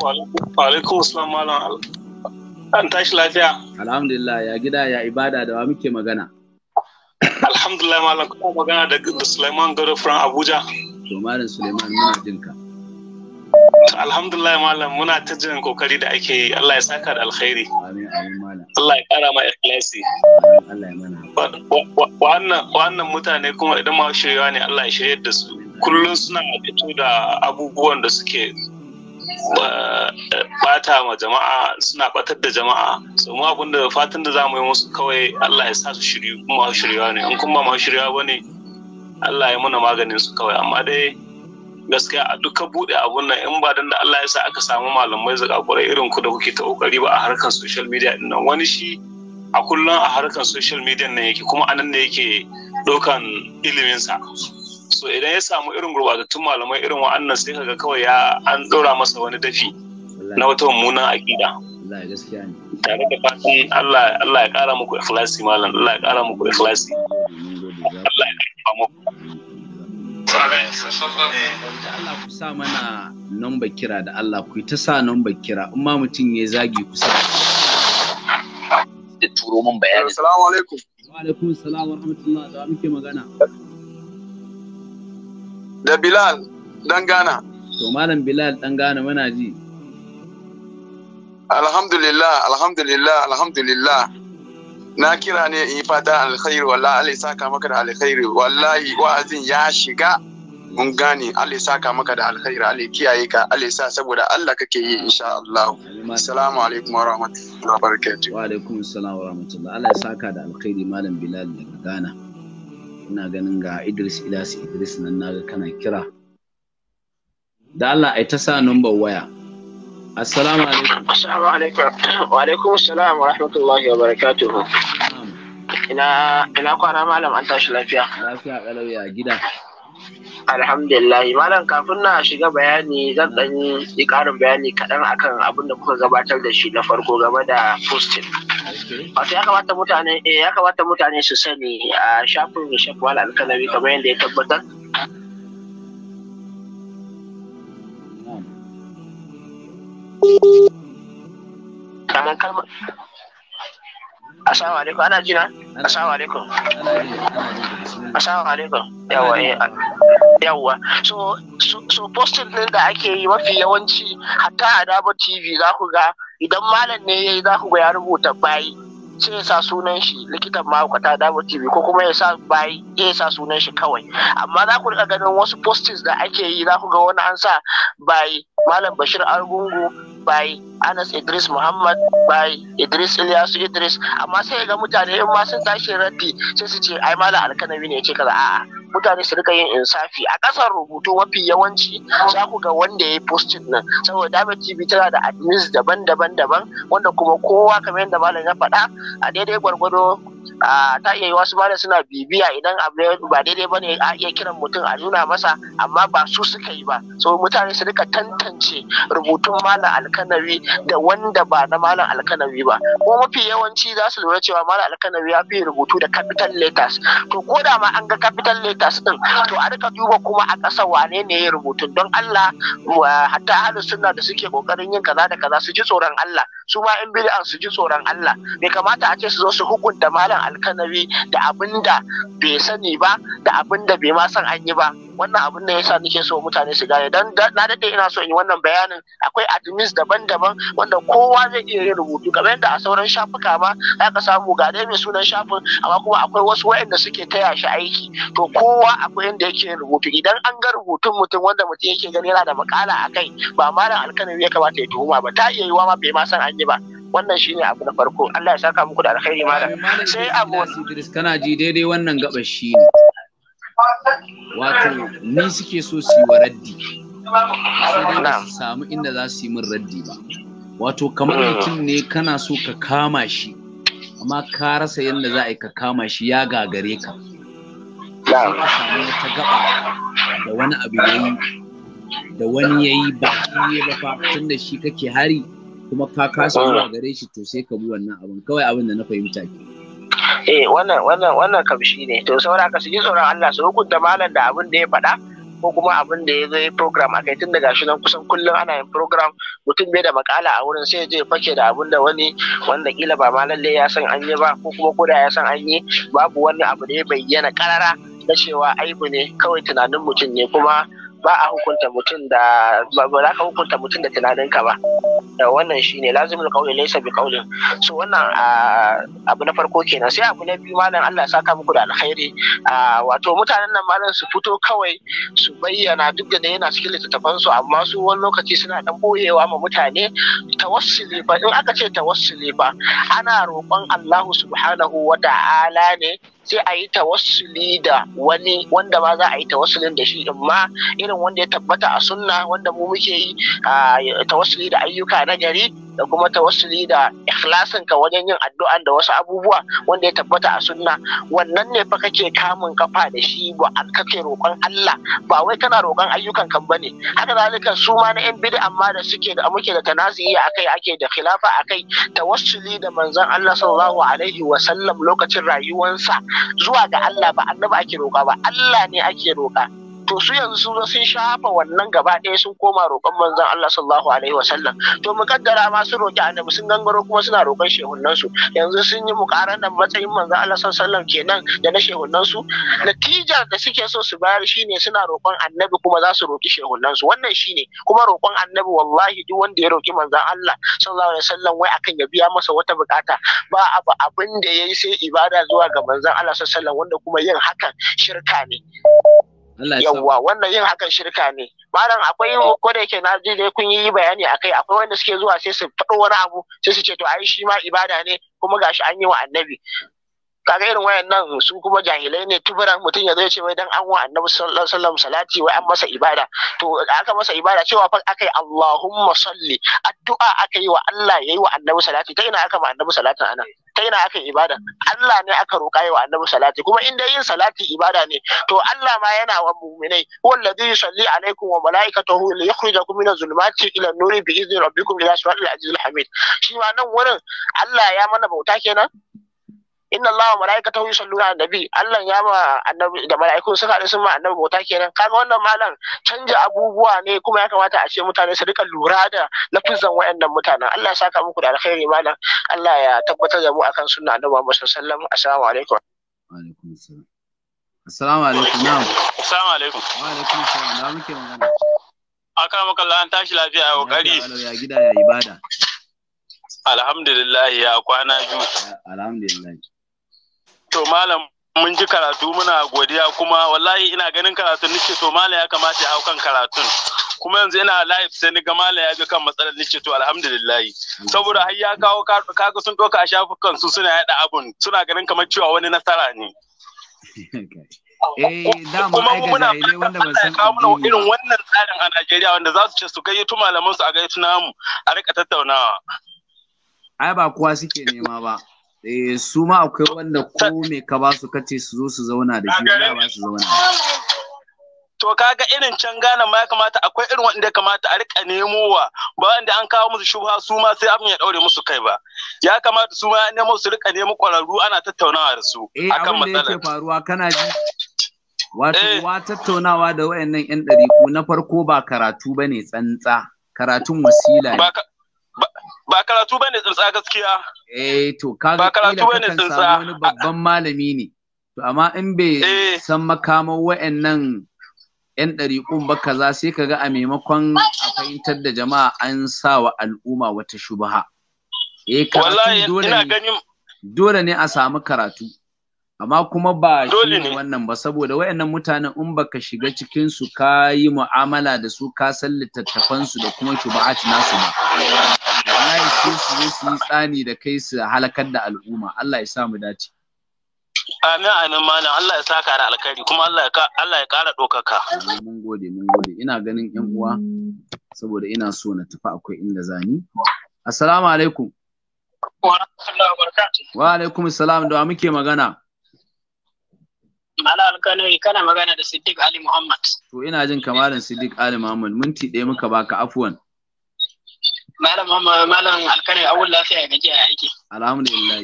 F: Wa alaikum salam malam. An tashi lafiya. Alhamdulillah ya gida ya
C: ibada da wa muke magana.
F: Alhamdulillah malam kuma magana da Suleiman Gado from Abuja. To malam Suleiman muna jin ka. Alhamdulillah malam muna ta jin kokari da ake yi Allah ya saka da alkhairi. Amin amin malam. Allah ya kara ma ikhlasi. Allah ya mana. Wannan wannan mutane kuma idan ma shiryawa ne Allah ya shiryar da su. Kullum suna fito da abubuwan da suke bata ma jama'a suna batar da jama'a su mu abin da fatan da zamu yi musu kawai Allah ya sa su shiryu kuma shiryawa ne in kuma ma shiryawa bane Allah ya muna maganin su kawai amma dai gaskiya a duka bude abun nan in ba dan da Allah ya sa aka samu malamai zakakurai irin ku da kuke ta kokari ba a harkar social media din nan wani shi a kullun a harkar social media nan yake kuma anan ne yake dokan ilimin sa so idan ya samu irin gurbatattun malamai irin wa'annan sai kaga kawai ya an ɗora masa wani dafi na wata mummunan aƙida tare da fatan Allah Allah ya ƙara muku ikhlasi malam Allah ya ƙara muku ikhlasi Allah ya ƙara muku Allah ku sa mana
C: nomba kira da Allah ku ta sa nomba kira in ma mutum ya zagi ku sa da turo mun bayani assalamu alaikum
A: wa alaikum assalam wa rahmatullahi da muke magana da Bilal dan Ghana. To Malam Bilal dan Ghana muna ji.
B: Alhamdulillah, alhamdulillah, alhamdulillah. Na kira ne in yi fata alkhairi wallahi Allah saka maka da alkhairi wallahi wa'azin ya shiga mun gane Allah saka maka da alkhairi Allah kiyaye ka Allah sa saboda Allah kake yi insha Allah. Assalamu alaikum wa rahmatullahi
C: wa barakatuh. Wa alaikum assalam wa rahmatullahi. Allah saka da alkhairi Malam Bilal daga Ghana. ina ganin ga Idris Ilyasu Idris nan
A: naga kana kira da Allah ai ta sa number waya assalamu alaikum
G: assalamu alaikum wa alaikum assalam wa rahmatullahi wa barakatuhu ina ina kwana malam an tashi lafiya lafiya kalau ya gida Alhamdulillah malam kafin na shiga bayani zan dan yi karin bayani kaɗan akan abin da kuka gabatar da shi na farko game da posting. Wato ya kamata mutane eh ya kamata mutane su sani a shafin Shakwal Alkalami kamar yadda ya tabbatar assalamu alaikum ana jina assalamu alaikum assalamu alaikum yawa eh, yawa so so posting din da ake yi mafi yawanci hatta a dabo tv za ku ga idan malam ne yi za ku ga ya rubuta bayi sai ya sa sunan shi likitan mahaukata dabo tv ko kuma ya sa bayi ya sa sunan shi kawai amma za ku rika ganin wasu postings da ake yi za ku ga wani an sa bayi malam bashir argungu bayi anas idris muhammad bayi idris ilyasu idris amma sai ga mutane in ma sun tashi raddi sai su ce ai malam alkanawi ne ya ce kaza a'a mutane su rika yin insafi a ƙasar rubutu mafi yawanci za ku ga wanda ya yi postin nan saboda dama tv tana da admins daban-daban daban wanda kuma kowa kamar yadda malam ya faɗa a daidai gwargwado ta iya yi wasu malam suna bibiya idan abu ba daidai ba ne a iya kiran mutum a nuna masa amma ba su suka yi ba so mutane su rika tantance rubutun malam alkanawi da wanda ba na malam alkanawi ba ko mafi yawanci za su lura cewa malam alkanawi ya fi rubutu da capital letters to ko da ma an ga capital letters din to a rika duba kuma a ƙasa wane ne ya rubutun don Allah hatta ahlu sunna da suke kokarin yin kaza da kaza su ji tsoron Allah su ma in bid'a su ji tsoron Allah bai kamata a ce su zo su hukunta malam alkanari da abin da bai sani ba da abin da bai ma san an yi ba wannan abin da yasa nake so mutane su gane dan na daɗe ina so in yi wannan bayanin akwai admins daban-daban wanda kowa zai iya yin rubutu kamar yadda a sauran shafuka ma ka samu ga dai mai sunan shafin amma kuma akwai wasu waɗanda suke taya shi aiki to kowa akwai inda yake yin rubutu idan an ga rubutun mutum wanda mutum yake gani yana da makala a kai ba malam alkanari ya kamata ya tuhuma ba ta iya yiwa ma bai ma san an yi ba wannan shine abu na farko Allah ya saka muku da alkhairi malam
A: sai abu Idris kana ji daidai wannan gabar shine wato ni suke so su yi wa raddi sai su samu inda za su yi min raddi ba wato kamar mm. mutum ne kana so ka kama shi amma ka rasa yadda za a yi ka kama shi ya gagare ka wata gaba
C: da wani abu ya yi da wani ya yi ba ba fa tun da shi kake hari kuma ka kasa zuwa gare shi to sai ka bi wannan abin kawai abin da na fahimta ke
G: eh wannan wannan wannan kamshi ne to saura ka su ji tsoron Allah su hukunta malam da abin da ya faɗa ko kuma abin da ya zo program a kai tun daga shi nan kusan kullum ana yin program mutum bai da makala a wurin sai je fake da abin da wani wanda kila ba malam lalle ya san an yi ba ko kuma koda ya san an yi babu wani abu da ya bayyana karara na cewa aibu ne kawai tunanin mutum ne kuma ba a hukunta mutum da ba za ka hukunta mutum da tunaninka ba da wannan shi shine lazimul qawli laysa bi qawlin so wannan abu na farko kenan sai abu na biyu malam Allah saka muku da alkhairi wato mutanen nan malam su fito kawai su bayyana duk da yana cikin littattafan su amma su wani lokaci suna dan boyewa ma mutane tawassuli ba in aka ce tawassuli ba ana roƙon Allah subhanahu wa ta'ala ne sai a yi tawassuli da wani wanda ba za a yi tawassulin da shi in ma irin wanda ya tabbata a sunna wanda mu muke yi tawassuli da ayyuka na gari da kuma tawassuli da ikhlasin ka wajen yin addu'an da wasu abubuwa wanda ya tabbata a sunna wannan ne fa kake kamun kafa da shi ba an kake roƙon Allah ba wai kana roƙon ayyukan kan bane haka zalika su ma na yan bid'a amma da suke da muke da tanasiyi akai ake da khilafa akai tawassuli da manzon Allah sallallahu alaihi wa sallam lokacin rayuwansa zuwa ga Allah ba annabi ake roƙa ba Allah ne ake roƙa to su yanzu sun zo shafa wannan gaba ɗaya sun koma roƙon manzon Allah sallallahu alaihi wasallam to kaddara ma sun roƙi annabi sun gangaro kuma suna roƙon shehunan su yanzu sun yi da matsayin manzon Allah sallallahu alaihi wasallam kenan da na shehunan su natijar da suke so su bayar shine suna roƙon annabi kuma za su roƙi shehunan su wannan shine kuma roƙon annabi wallahi duk wanda ya roƙi manzon Allah sallallahu alaihi wasallam wai akan ya biya masa wata bukata ba abu abin da yayi sai ibada zuwa ga manzon Allah sallallahu alaihi wasallam wanda kuma yin hakan shirka ne yawwa wannan yin hakan shirka ne malam akwai eh. ko da yake na ji dai kun yi bayani akai akwai wanda suke zuwa sai su faɗo wani abu sai su ce to ai shi ma ibada ne kuma gashi an yi wa annabi kaga irin wayannan su kuma jahilai ne tuburan mutum ya zai ce wai dan an wa annabi sallallahu alaihi wasallam salati wai an masa ibada to aka masa ibada cewa fa akai Allahumma salli addu'a aka yi wa Allah yayi wa annabi salati ta ina aka ma annabi salatin anan ta yana aka ibada Allah ne aka roƙa yau annabi salati kuma in dai yin salati ibada ne to Allah ma yana wa mu'minai wallazi yusalli alaikum wa malaikatahu li yukhrijakum min zulumati ila nuri bi idzni rabbikum ila siratil azizil hamid shi ma nan wurin Allah ya mana bauta kenan inna Allah wa malaikatahu yusalluna ala nabi Allah ya ma annabi da mala'iku suka haɗu sun ma annabi bauta kenan kaga wannan malam canja abubuwa ne kuma ya kamata a ce mutane su rika lura da lafizan wayannan mutanen Allah ya saka muku da alkhairi malam Allah ya tabbatar da mu akan sunna annabi Muhammad sallallahu alaihi wasallam assalamu alaikum wa alaikum
C: assalam assalamu alaikum na'am
G: assalamu alaikum wa alaikum assalam na muke magana aka maka Allah an tashi lafiya a kokari ya gida ya
B: ibada alhamdulillah ya kwana biyu
C: alhamdulillah
B: to malam mun ji karatu muna godiya kuma wallahi ina ganin karatun nake to malam ya kamata ya hau kan karatun kuma yanzu ina live sai ni ga malam ya ga kan matsalar nake to alhamdulillah saboda har ya kawo kaga sun doka a shafukan su suna yada abun suna ganin kamar cewa wani nasara ne
C: eh, kuma muna wanda ba san
B: irin wannan tsarin a Najeriya wanda za su ce su gayyato tu malamansu a gayyato namu a rika
F: tattaunawa
C: ai ba kowa suke nema ba Eh su ma akwai wanda ko me ka ba su kace su zo su zauna da
A: shi
F: ba su zauna. To
B: kaga irin can gane ma ya kamata akwai irin wanda ya kamata a rika nemowa ba wanda an kawo musu shubha su ma sai abin ya daure musu kai ba. Ya kamata su ma ya nemo su rika nemo kwararru ana tattaunawa
A: da su eh, akan matsalar. Eh abin da ke faruwa kana ji Wato eh. wa tattaunawa da wayannan 'yan dariku na farko ba karatu bane tsantsa, karatun wasila ne. ba karatu
B: bane tsintsa gaskiya
A: eh to kaga ba karatu bane tsintsa wani babban malami ne to amma in bai eh. san makaman wa'annan yan ɗariƙun ba kaza sai kaga a maimakon a fahimtar da jama'a an sa wa al'umma wata shubaha eh karatu dole ne dole ne a samu karatu amma kuma ba shi ne wannan ba saboda wayannan mutanen in baka shiga cikin su ka yi mu'amala da su ka san littattafan su da kuma shubahat nasu
D: ba
C: wallahi su su zo su yi tsani da kai su halakar da al'umma Allah ya sa mu dace
F: amin amin malam Allah ya sa saka da alkhairi kuma Allah ya Allah ya ƙara ɗaukaka
C: mun gode mun gode ina ganin yan uwa saboda ina so na tafi akwai inda zani assalamu alaikum wa alaikum salam da muke
A: magana
E: Mala Alkanoyi kana magana da Siddiq Ali Muhammad.
A: To ina jin kamarin Siddiq Ali Muhammad minti ɗaya muka baka afuwan.
E: Malam Malam Alkare awul lafiya gaji a aiki.
C: Alhamdulillah.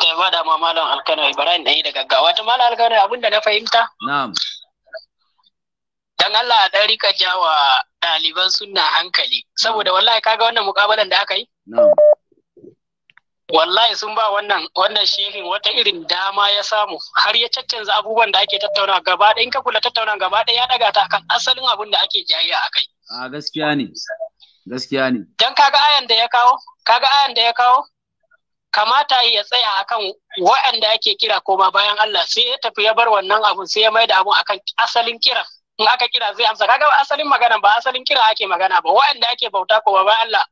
E: Kai ba da ma Malam Alkare Ibrahim ɗanyi da gaggawa ta Malam abin da na fahimta. Na'am. Dan Allah dan rika jawa ɗaliban sunna hankali saboda wallahi kaga wannan mukabalan da aka yi. Na'am. wallahi sun ba wannan wannan shehin wata irin dama ya samu har ya caccanza abubuwan da ake tattauna gaba ɗaya in ka kula tattauna gaba ɗaya ya daga ta kan asalin abin da ake jayya a kai
C: a gaskiya ne Gaskiya ne.
E: Don kaga ayan da ya kawo, kaga ayan da ya kawo, kamata ya tsaya akan waɗanda ake kira koma bayan Allah sai ya tafi ya bar wannan abun sai ya mai da abun akan asalin kiran. in aka kira zai amsa kaga asalin magana ba asalin kira ake magana ba waɗanda ake bauta ko bayan Allah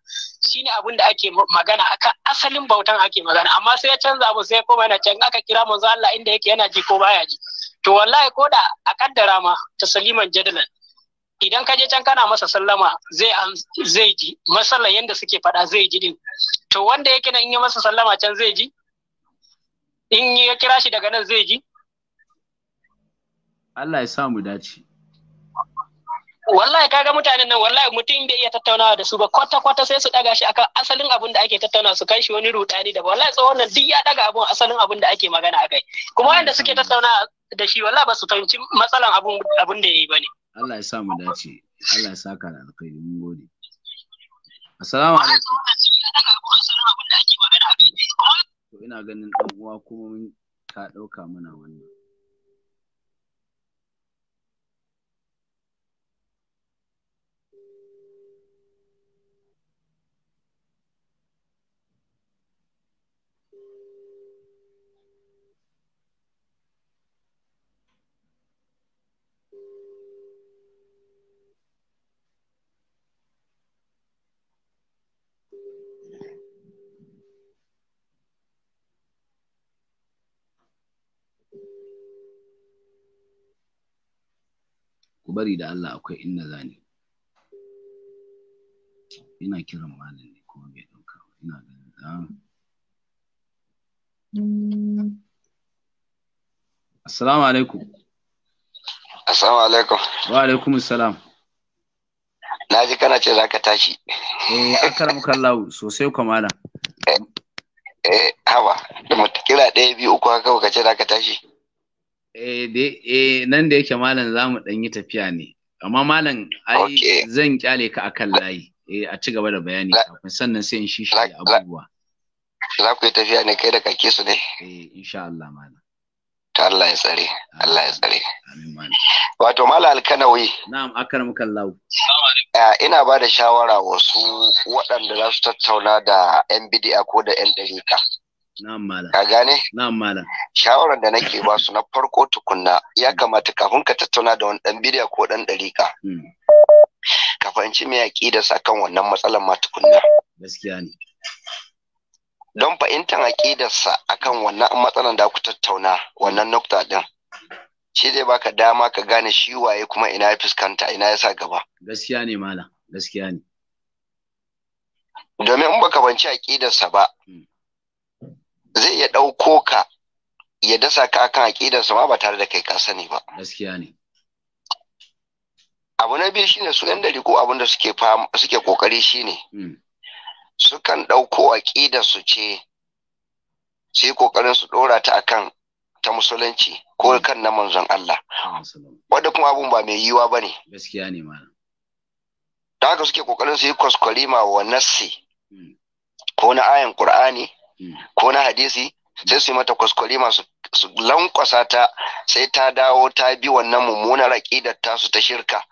E: shine abin da ake magana akan asalin bautan ake magana amma sai ya canza abu sai koma yana can aka kira manzo Allah inda yake yana ji ko baya ji to wallahi ko da a kaddara ma saliman jadalan idan ka je can kana masa sallama zai zai ji masallan yanda suke faɗa zai ji din to wanda yake nan in yi masa sallama can zai ji in ya kira shi daga nan zai ji
A: Allah ya sa mu
D: dace
E: wallahi kaga mutanen nan wallahi mutum bai iya tattaunawa da su ba kwata kwata sai su daga shi akan asalin abin da ake tattaunawa su kai shi wani rudani da wallahi tsawon nan duk ya daga abun asalin abin da ake magana akai kuma wanda suke tattaunawa da shi wallahi ba su fahimci matsalan abun ya da yayi bane
C: Allah ya sa mu dace Allah ya sa ka da alkhairi mun gode assalamu alaikum ina ganin ɗan uwa kuma mun ka dauka mana wani. ku bari da Allah akwai inna zani ina kiran malam ne kuma bai ɗauka ba ina ganin za ah.
D: mm.
C: Assalamu alaikum. Assalamu
H: alaikum.
A: Wa alaikum assalam.
H: Na ji kana ce zaka tashi.
A: Eh, akaram kallahu sosai kwa malam. Eh,
H: eh hawa, da kira ɗaya biyu uku haka ka ce zaka tashi.
A: Eh, eh nan da yake malam za mu
C: ɗan yi tafiya ne amma malam ai zan kyale ka akan layi eh, a ci gaba da bayani kafin sannan sai in shi shi abubuwa
H: za ku yi tafiya ne kai da kake su ne eh insha Allah malam ta Allah ya tsare Allah ya tsare amin malam wato malam alkanawi na'am akramaka Allah eh, ina ba da shawara wasu waɗanda za su tattauna da yan bidi'a ko da yan ɗarika Na'am malam. Ka gane? Na'am malam. Shawaran da nake ba su na farko tukunna ya hmm. kamata kafin ka tattauna da wani dan bidiya ko dan dariƙa. Hmm. Ka fahimci me aqida sa kan wannan matsalar ma tukunna. Gaskiya ne. Don fahimtar aƙidarsa akan wannan matsalar da ku tattauna wannan hmm. nukta din. Shi zai baka dama ka gane shi waye kuma ina ya fuskanta ina ya sa gaba.
C: Gaskiya ne malam, gaskiya ne.
H: Domin in baka banci aƙidarsa ba, hmm. zai iya ɗauko ka ya dasa ka akan aƙidarsa ma ba tare da kai ka sani ba gaskiya ne abu na biyu shine su yan dari abin da suke suke kokari shine hmm. sukan ɗauko aƙidar su ce su yi kokarin su ɗora ta akan ta musulunci ko hmm. kan na manzon Allah wanda kuma abun ba mai yiwa ba ne
C: gaskiya ne ma.
H: da haka suke kokarin su yi kwaskwalima wa nassi hmm. ko na ayan qur'ani ko na hadisi sai su yi mata kwaskwari masu lankwasa ta sai ta dawo ta bi wannan mummunar aƙidar tasu ta shirka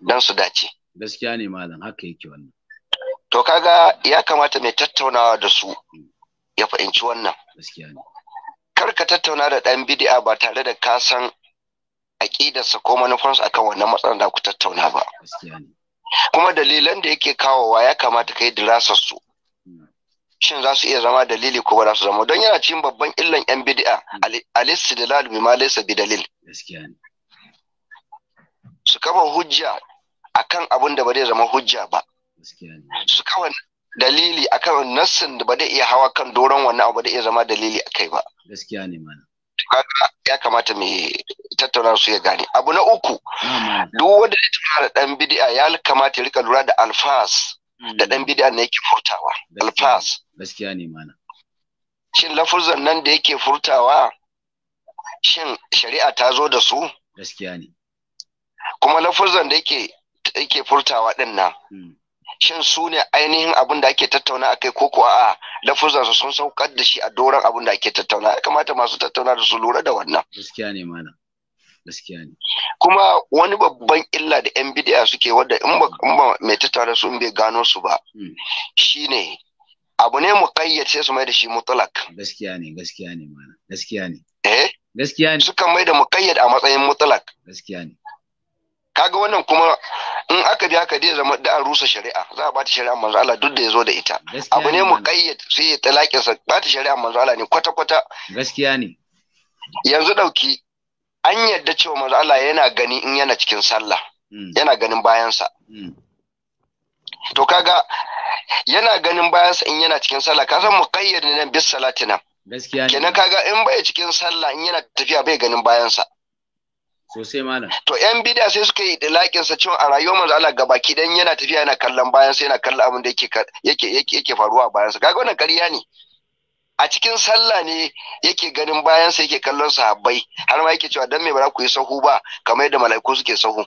H: don su dace.
C: Gaskiya ne malam haka yake wannan.
H: To kaga ya kamata mai tattaunawa da su ya fahimci wannan. Gaskiya ne. Kar ka tattauna da ɗan bidi'a ba tare da ka san aƙidarsa ko manufarsa akan wannan matsalar da ku tattauna ba. Gaskiya ne. Kuma dalilan da yake kawowa ya kamata ka yi dirasar su. shin za su iya zama dalili ko ba za su zama don yana cikin babban illan yan bid'a ma laisa bi dalil. su kafa hujja akan abin da ba zai zama hujja ba su kafa dalili akan nassin da ba zai iya hawa kan doron wannan abu da iya zama dalili kai ba ya kamata mai tattauna su ya gane abu na uku duk wanda ya tattauna da dan bid'a ya kamata ya rika lura da alfas da ɗan bid'a ne yake furtawa alfas
C: gaskiya ne mana
H: shin lafuzan nan da yake furtawa shin shari'a ta zo da su gaskiya ne kuma lafuzan da yake yake furtawa din nan hmm. shin su ne ainihin abin da ake tattauna a kai ko kuwa a lafuzansu sun saukar da shi a doron abin da ake tattauna ya kamata masu tattauna da su lura da wannan
C: gaskiya ne mana gaskiya ne
H: kuma wani babban illa da yan bidiya suke wadda in ba mai tare su in bai gano su ba hmm. shine abu ne mu kayyace su mai da shi mutlak
C: gaskiya ne gaskiya ne mana
H: gaskiya ne eh gaskiya ne suka mai da muqayyad a matsayin mutlak gaskiya ne kaga wannan kuma in aka bi aka dai zama da an rusa shari'a za a bata shari'a manzo Allah duk da ya zo da ita abu ne mu kayyace sai ya talakin sa bata shari'a manzo Allah ne kwata kwata
C: gaskiya ne
H: yanzu dauki an yadda cewa manzo Allah yana gani in yana cikin sallah hmm. yana ganin bayansa hmm. to kaga yana ganin bayansa in yana cikin sallah ka san muqayyad nan bis salati nan gaskiya kenan kaga in bai cikin sallah in yana tafiya bai ganin bayansa sosai malam to yan bid'a sai suka yi dalakin sa cewa a rayuwar manzo Allah gabaki dan yana tafiya yana kallon bayansa yana kallon abin da yake yake yake faruwa bayansa kaga wannan ƙarya ne a cikin sallah ne yake ganin bayansa yake kallon sahabbai har ma yake cewa dan me ba ku yi sahu ba kamar yadda mala'iku suke sahu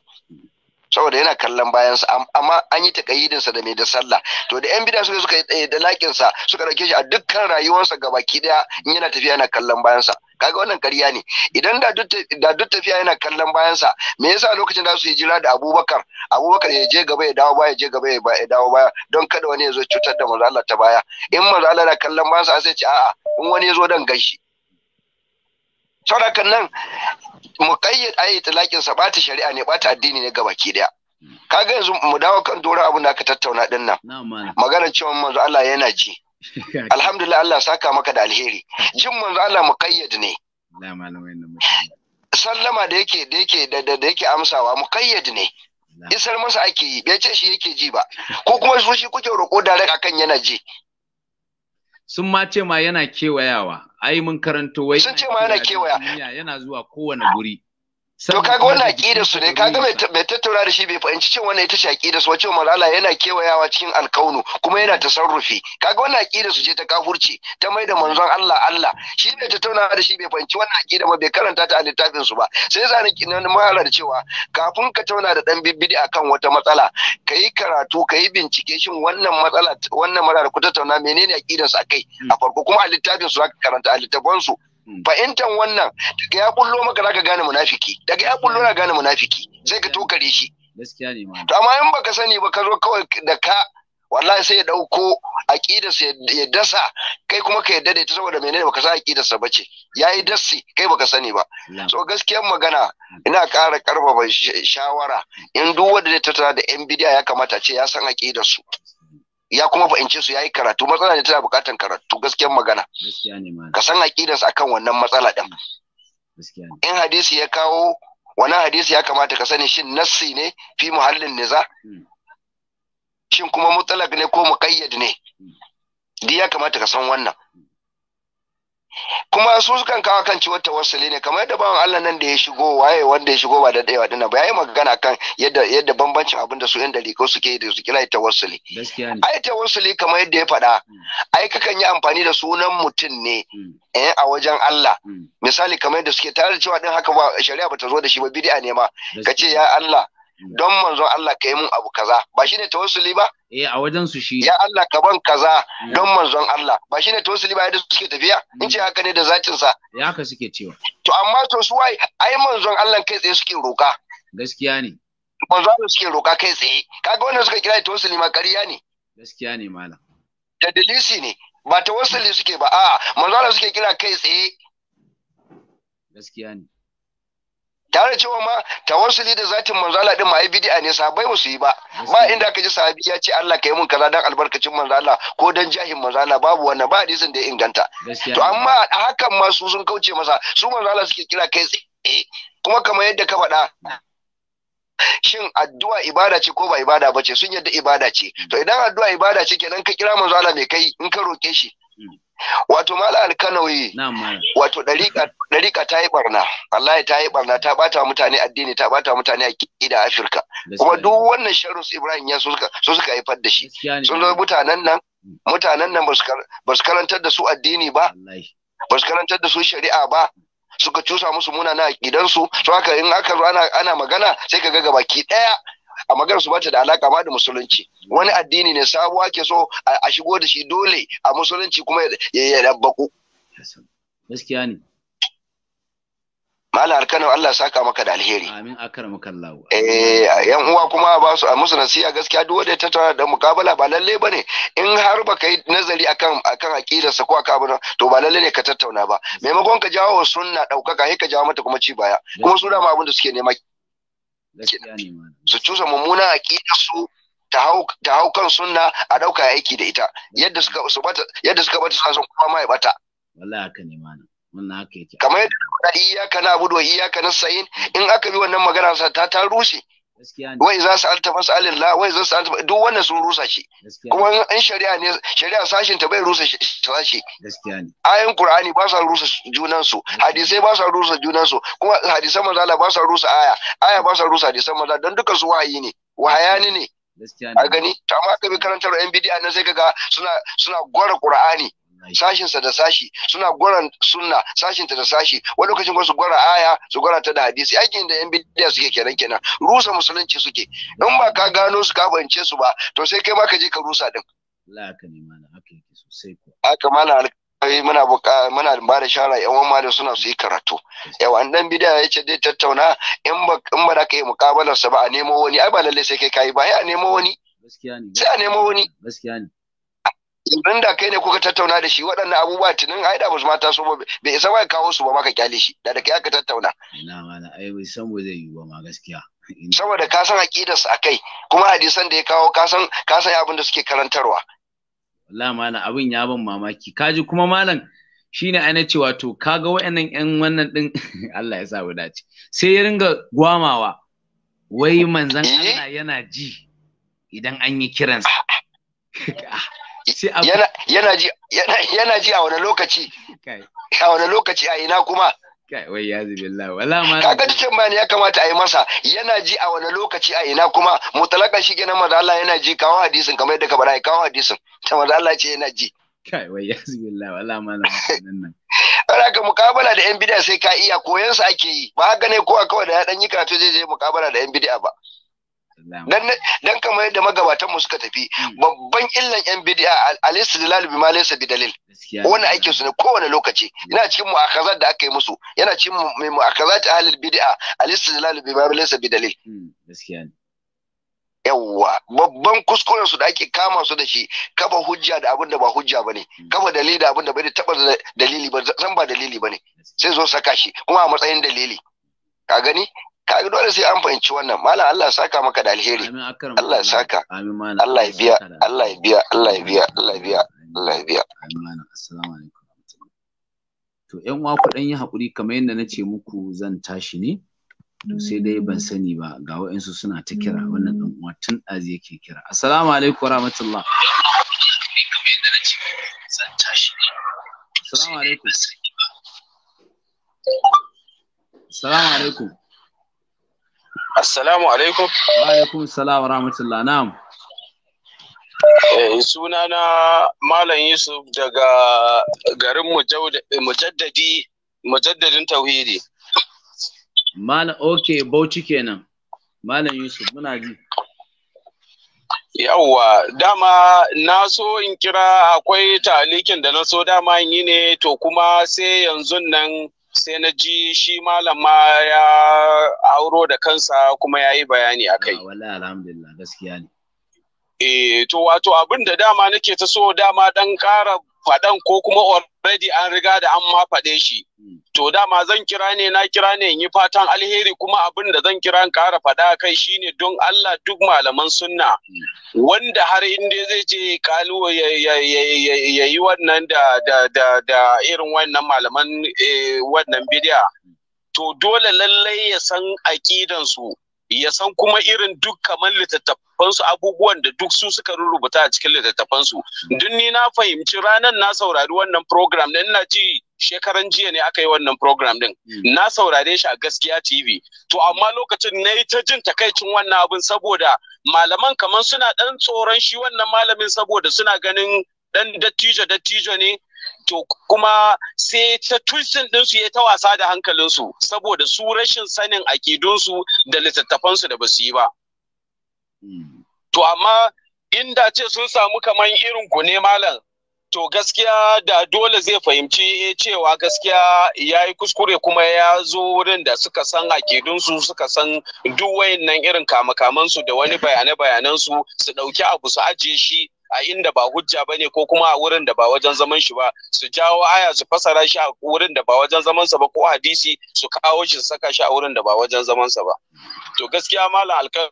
H: saboda yana kallon bayansa amma an yi sa da mai da sallah to da yan bida suka suka eh, da sa suka dauke shi a dukkan rayuwarsa gabaki daya in yana tafiya yana kallon bayansa kaga wannan ƙarya ne idan da duk tafiya yana kallon bayansa me yasa lokacin da su yi jira da abubakar abubakar ya je gaba ya dawo baya ya je gaba ya dawo baya don kada wani ya zo cutar da manzo Allah ta baya in manzo Allah yana kallon bayansa sai ce a'a in wani ya zo dan gashi saboda nan mu muqayyad ayi talakin sa bata shari'a ne bata addini ne gabaki daya kaga yanzu mu dawo kan dora abun da aka tattauna din nan maganar cewa manzo Allah yana ji alhamdulillah Allah saka maka da alheri jin manzo Allah mu kayyad ne sallama da yake da yake da yake amsawa kayyad ne isar masa ake yi bai ce shi yake ji ba ko kuma su shi kuke roko dare akan yana ji
A: sun ma ce ma yana kewayawa ai mun karanto wai sun ce ma yana kewaya yana zuwa kowane guri To kaga wannan aƙida su ne kaga mai
H: tattaura da shi bai fahimci cewa wannan ita ce aƙida su wacce malala yana kewayawa cikin alkaunu kuma yana tasarrufi kaga wannan aƙida su ce ta kafurci ta mai da manzon Allah Allah shi bai tattauna da shi bai fahimci wannan aƙida ba bai karanta ta a littafin su ba sai zani kinan mahala da cewa kafin ka tauna da dan bibbidi akan wata matsala kai karatu kai bincike shin wannan matsala wannan mara da ku tattauna menene aƙidan su akai a farko kuma a littafin su zaka karanta a littafin su Hmm. Fahimtar wannan daga ya kullo maka zaka gane munafiki daga ya kullo na gane munafiki Zai ka tokare shi to amma in baka sani ba ka zo kawai da ka wallahi sai ya dauko aqida sa ya dasa kai kuma ka yadda da ita saboda menene baka san aqida sa bace yayi dasi kai baka sani ba so gaskiyar magana ina ƙara karfafa shawara in duk wanda zai tattara da yan bidiya ya kamata ce ya san aqidar su ya kuma fahimce su yayi karatu matsala ne tana buƙatar karatu gaskiyar magana ka san aqidarsa akan wannan matsala din in hadisi ya kawo wannan hadisi ya kamata ka sani shin nassi ne fi muhallin niza hmm. shin kuma mutalak ne ko muqayyad ne hmm. duk ya kamata ka san wannan kuma su sukan kawo kan ciwon tawassuli ne kamar yadda bawan Allah nan da ya shigo waye wanda ya shigo ba da daya dinnan ba yayi magana kan yadda yadda bambancin abin da su yan daliko suke da su kira tawassuli ai tawassuli kamar yadda ya faɗa ai kakan yi amfani da sunan mutum ne mm. eh a wajen Allah mm. misali kamar yadda suke tare da cewa din haka ba shari'a bata zo da shi ba bid'a ne ma kace ya Allah don manzon Allah ka yi mun abu kaza ba shine tawassuli ba
A: eh a wajen su shi ya
H: Allah ka ban kaza don manzon Allah ba shine to su liba da suke tafiya mm. in ce haka ne da zacin sa
C: ya haka suke cewa
H: to amma to su wai ai manzon Allah kai tsaye suke roka gaskiya ne manzon Allah suke roka kai tsaye kaga wannan suka kira to su lima ƙarya ne
C: gaskiya ne malam
H: da dalisi ne ba ta wasali suke ba a'a manzon Allah suke kira kai tsaye gaskiya ne tare cewa ma tawassuli da zatin manzala din ma ai bid'a ne sahabbai ba su yi ba ba inda aka ji sahabi ya ce Allah ka yi mun kaza dan albarkacin manzo Allah ko dan jahin manzo Allah babu wannan ba hadisin da ya inganta to amma a hakan ma su sun kauce masa su manzo Allah suke kira kai tsaye kuma kamar yadda ka faɗa shin addu'a ibada ce ko ba ibada ba ce sun yadda ibada ce to idan addu'a ibada ce kenan ka kira manzo Allah mai kai in ka roke shi hmm. wato mala alkanawi wato dariƙa dariƙa ta yi barna ya ta yi barna ta bata mutane addini ta bata mutane a aqida Afirka kuma duk wannan sharus Ibrahim ya su suka su suka haifar da shi sun zo mutanen nan mutanen nan ba su karantar da su addini ba ba su karantar da su shari'a ba suka cusa musu munana gidansu, to haka in aka zo ana ana magana sai ka ga gabaki daya a magana su bata da alaka ma da musulunci wani addini ne sabuwa ke so a shigo da shi dole a musulunci kuma ya rabbaku gaskiya ne Malam Alkano Allah saka maka da alheri. Amin akramaka Eh yan uwa kuma ba su a musu nasiha gaskiya duk wanda ta tara da mukabala ba lalle bane in har ba kai nazari akan akan aqidar sa ko akan to ba lalle ne ka tattauna ba. Maimakon ka jawo sunna daukaka sai ka jawo mata kuma ci baya. Kuma su da ma abin da suke nema. Su cusa mummuna aqidar su ta hau kan sunna a dauka aiki da ita yadda suka bata yadda suka bata sun kuma ma ya bata. Wallahi haka ne malam. kamar yadda na iyaka na abudu wa iyaka na sayin in aka bi wannan magana sa ta ta rushe wai za su alta fasalin la wai za su alta duk wannan sun rusa shi kuma in shari'a ne shari'a sashin ta bai rusa sashi ayin qur'ani ba sa rusa junan su hadisai ba sa rusa junan su kuma hadisan manzo ba sa rusa aya aya ba sa rusa hadisan manzo dan duka su wahayi ne wahayani ne a gani to amma aka bi karantar yan bidi'a nan sai kaga suna suna gwara qur'ani sa da sashi suna gwaran sunna ta da sashi wani lokacin ko su gwara aya su gwara ta da hadisi aikin da yan bidiya suke kenan kenan rusa musulunci suke in ba ka gano su ka fahimce su ba to sai kai ma ka je ka rusa din Allah ka ne mana haka yake ko haka mana muna buka muna ba da shara yawan ma da suna su yi karatu yawa an dan bidiya ya ce dai tattauna in ba in ba da kai mukabalar sa ba a nemo wani ai ba lalle sai kai kai ba ai a nemo wani gaskiya ne sai a nemo wani gaskiya ne yanzun da kai ne kuka tattauna da shi waɗannan abubuwa tunin ai da ma so ba bai isa ba kawo su ba maka kyale shi da da kai aka tattauna
C: ina na ai bai san ba zai yi ba ma gaskiya
H: saboda ka san aqidar su akai kuma hadisan da ya kawo ka san ka san abin da suke karantarwa
A: wallahi mana abin ya ban mamaki kaji kuma malam shine ai ce wato kaga wayannan ƴan wannan din Allah ya sa mu dace sai ya ringa gwamawa wai manzon eh? Allah yana ji idan an yi kiransa
H: yana ji a wani lokaci a wani lokaci a ina kuma wai ya kaga cikin bayan ya kamata a yi masa yana ji a wani lokaci a ina kuma mutalaka shi gina manzo Allah yana ji kawo hadisin kamar yadda ka bada kawo hadisin ta manzo Allah ce yana ji
C: kai wai ya nan
H: ka mukabala da yan bid'a sai ka iya koyan ake yi ba haka ne ko kawai da ya dan yi karatu zai je mukabala da yan bid'a ba dan kamar yadda magabatan mu suka tafi hmm. babban illan yan bid'a al-istidlal ma laysa bidalil wannan aikin su ne kowane lokaci Ina cikin mu'akhazat da aka yi musu yana cikin mu'akhazat ahli bid'a al-istidlal ma laysa bidalil hmm, gaskiya ne yawwa babban kuskuren su da ake kama su da shi kaba hujja da abin da ba hujja bane hmm. kaba dalili da abin da bai taba dalili ba zan ba dalili bane sai zo saka shi kuma a matsayin dalili ka gani kaga dole sai an fahimci wannan Mala Allah saka maka da alheri Allah saka Allah ya biya Allah ya biya Allah ya biya Allah ya biya Allah ya biya assalamu alaikum
C: to yan uwa ku dan yi hakuri kamar yadda na ce muku zan tashi ne to sai dai ban sani ba ga wa'ansu suna ta kira wannan dan uwa tun azi yake kira assalamu alaikum wa rahmatullah. assalamu alaikum assalamu alaikum Assalamu
A: alaikum. Wa alaikum salam wa rahmatullah. Na'am.
B: Eh, suna na Malam Yusuf daga garin Mujaddadi, Mujaddadin Tauhidi.
C: Malam okay, Bauchi kenan. Malam Yusuf muna ji.
B: Yawwa, dama na so in kira akwai talikin da na so dama yi ne to kuma sai yanzu nan sai na ji shi malama ya auro da kansa kuma ya yi
C: bayani a kai. Ah, wallahi alhamdulillah gaskiya ne.
B: Eh to wato abin da dama nake ta so dama dan ƙara faɗan ko kuma already an riga da an ma faɗe shi. Hmm. To dama zan kira ne na kira ne in yi fatan alheri kuma abin da zan kira in ƙara faɗa kai shine don Allah duk malaman sunna
D: hmm.
B: wanda har inda zai je kalu ya yi wannan da irin wannan malaman eh, wannan bidiya. Hmm. To dole lallai ya san aƙidansu. ya san kuma irin duk kamar littattafansu abubuwan da duk su suka rubuta a cikin littattafansu duk ni na fahimci ranar na saurari wannan program din na ji shekaran jiya ne aka yi wannan program din hmm. na saurare shi a gaskiya tv to amma lokacin na yi ta jin takaicin wannan abin saboda malaman kamar suna ɗan tsoron shi wannan malamin saboda suna ganin ɗan dattijo dattijo ne to kuma sai ta tulsin ɗinsu ya ta wasa da hankalinsu saboda su rashin sanin akidunsu da littattafansu da basu yi ba. To amma inda ce sun samu kamar irin gune malam to gaskiya da dole zai fahimci eh, cewa gaskiya ya yi kuskure kuma ya zo wurin da suka san akidunsu suka san duk wayannan irin kamakamansu da wani bayane-bayanansu su ɗauki abu su ajiye shi a inda ba hujja ba ne ko kuma a wurin da ba wajen zaman shi ba su jawo aya su fasara shi a wurin da ba wajen zaman sa ba ko hadisi su kawo shi su saka shi a wurin da ba wajen zaman sa ba to gaskiya malam alkar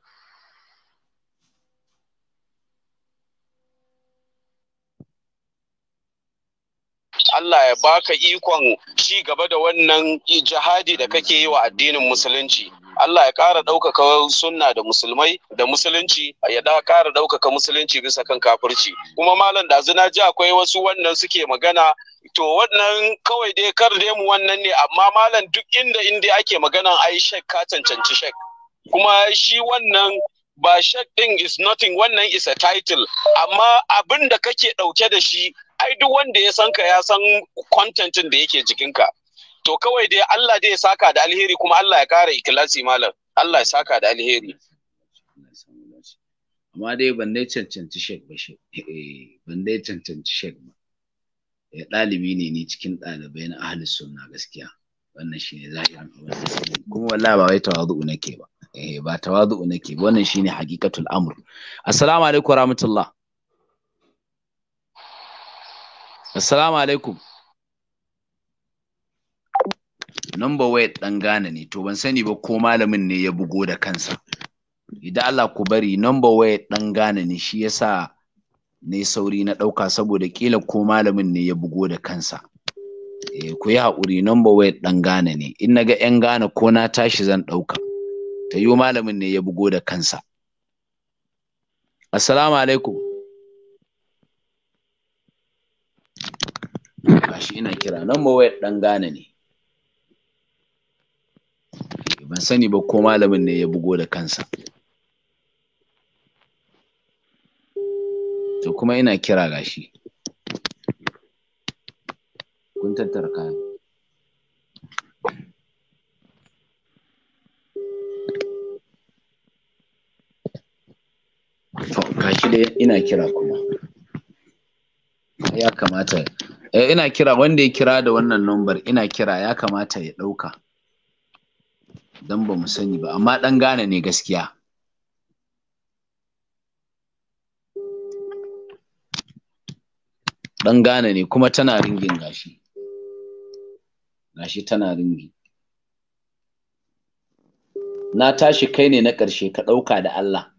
B: Allah ya baka ikon ci gaba da wannan jihadi da kake yi wa addinin musulunci Allah ya ƙara ɗaukaka sunna da musulmai da musulunci ya da ƙara ɗaukaka musulunci bisa kan kafirci kuma malam da zina ji akwai wasu wannan suke magana to wannan kawai dai kar dai mu wannan ne amma malam duk inda inda ake magana ai shek ka cancanci shek kuma shi wannan ba shek din is nothing wannan is a title amma abin da kake ɗauke da shi ai duk wanda ya san ka ya san contentin da yake jikinka to kawai dai Allah dai ya saka da alheri kuma Allah ya kare ikilasi malam Allah ya saka da alheri
C: amma dai ban dai cancanci shek ba shek eh, ban dai cancanci shek ba ya eh, ɗalibi ne ni cikin ɗalibai na ahli sunna gaskiya wannan shine zahirin
A: abin kuma wallahi ba wai tawazu'u nake ba eh ba tawazu'u nake ba wannan shine ne amr assalamu alaikum warahmatullah assalamu alaikum number waya ɗan gane ne to ban sani ba ko malamin ne ya bugo da kansa idan Allah ku bari number waya ɗan gane ne shi yasa ne sauri na ɗauka saboda kila ko malamin ne ya bugo da kansa eh ku yi haƙuri number waya ɗan gane ne in naga ƴan gane ko na tashi zan ɗauka ta yi malamin ne ya bugo da kansa assalamu alaikum gashi ina kira number waya ɗan gane ne ban sani ba ko malamin ne ya bugo da kansa
C: to kuma ina kira gashi kun tattara kayan to gashi dai ina kira kuma
A: ya kamata eh, ina kira wanda ya kira da wannan number ina kira ya kamata ya ɗauka dan ba mu sani ba amma dan Ghana ne gaskiya dan Ghana ne kuma tana ringin gashi gashi tana ringi na tashi kai ne na ƙarshe ka
C: ɗauka da Allah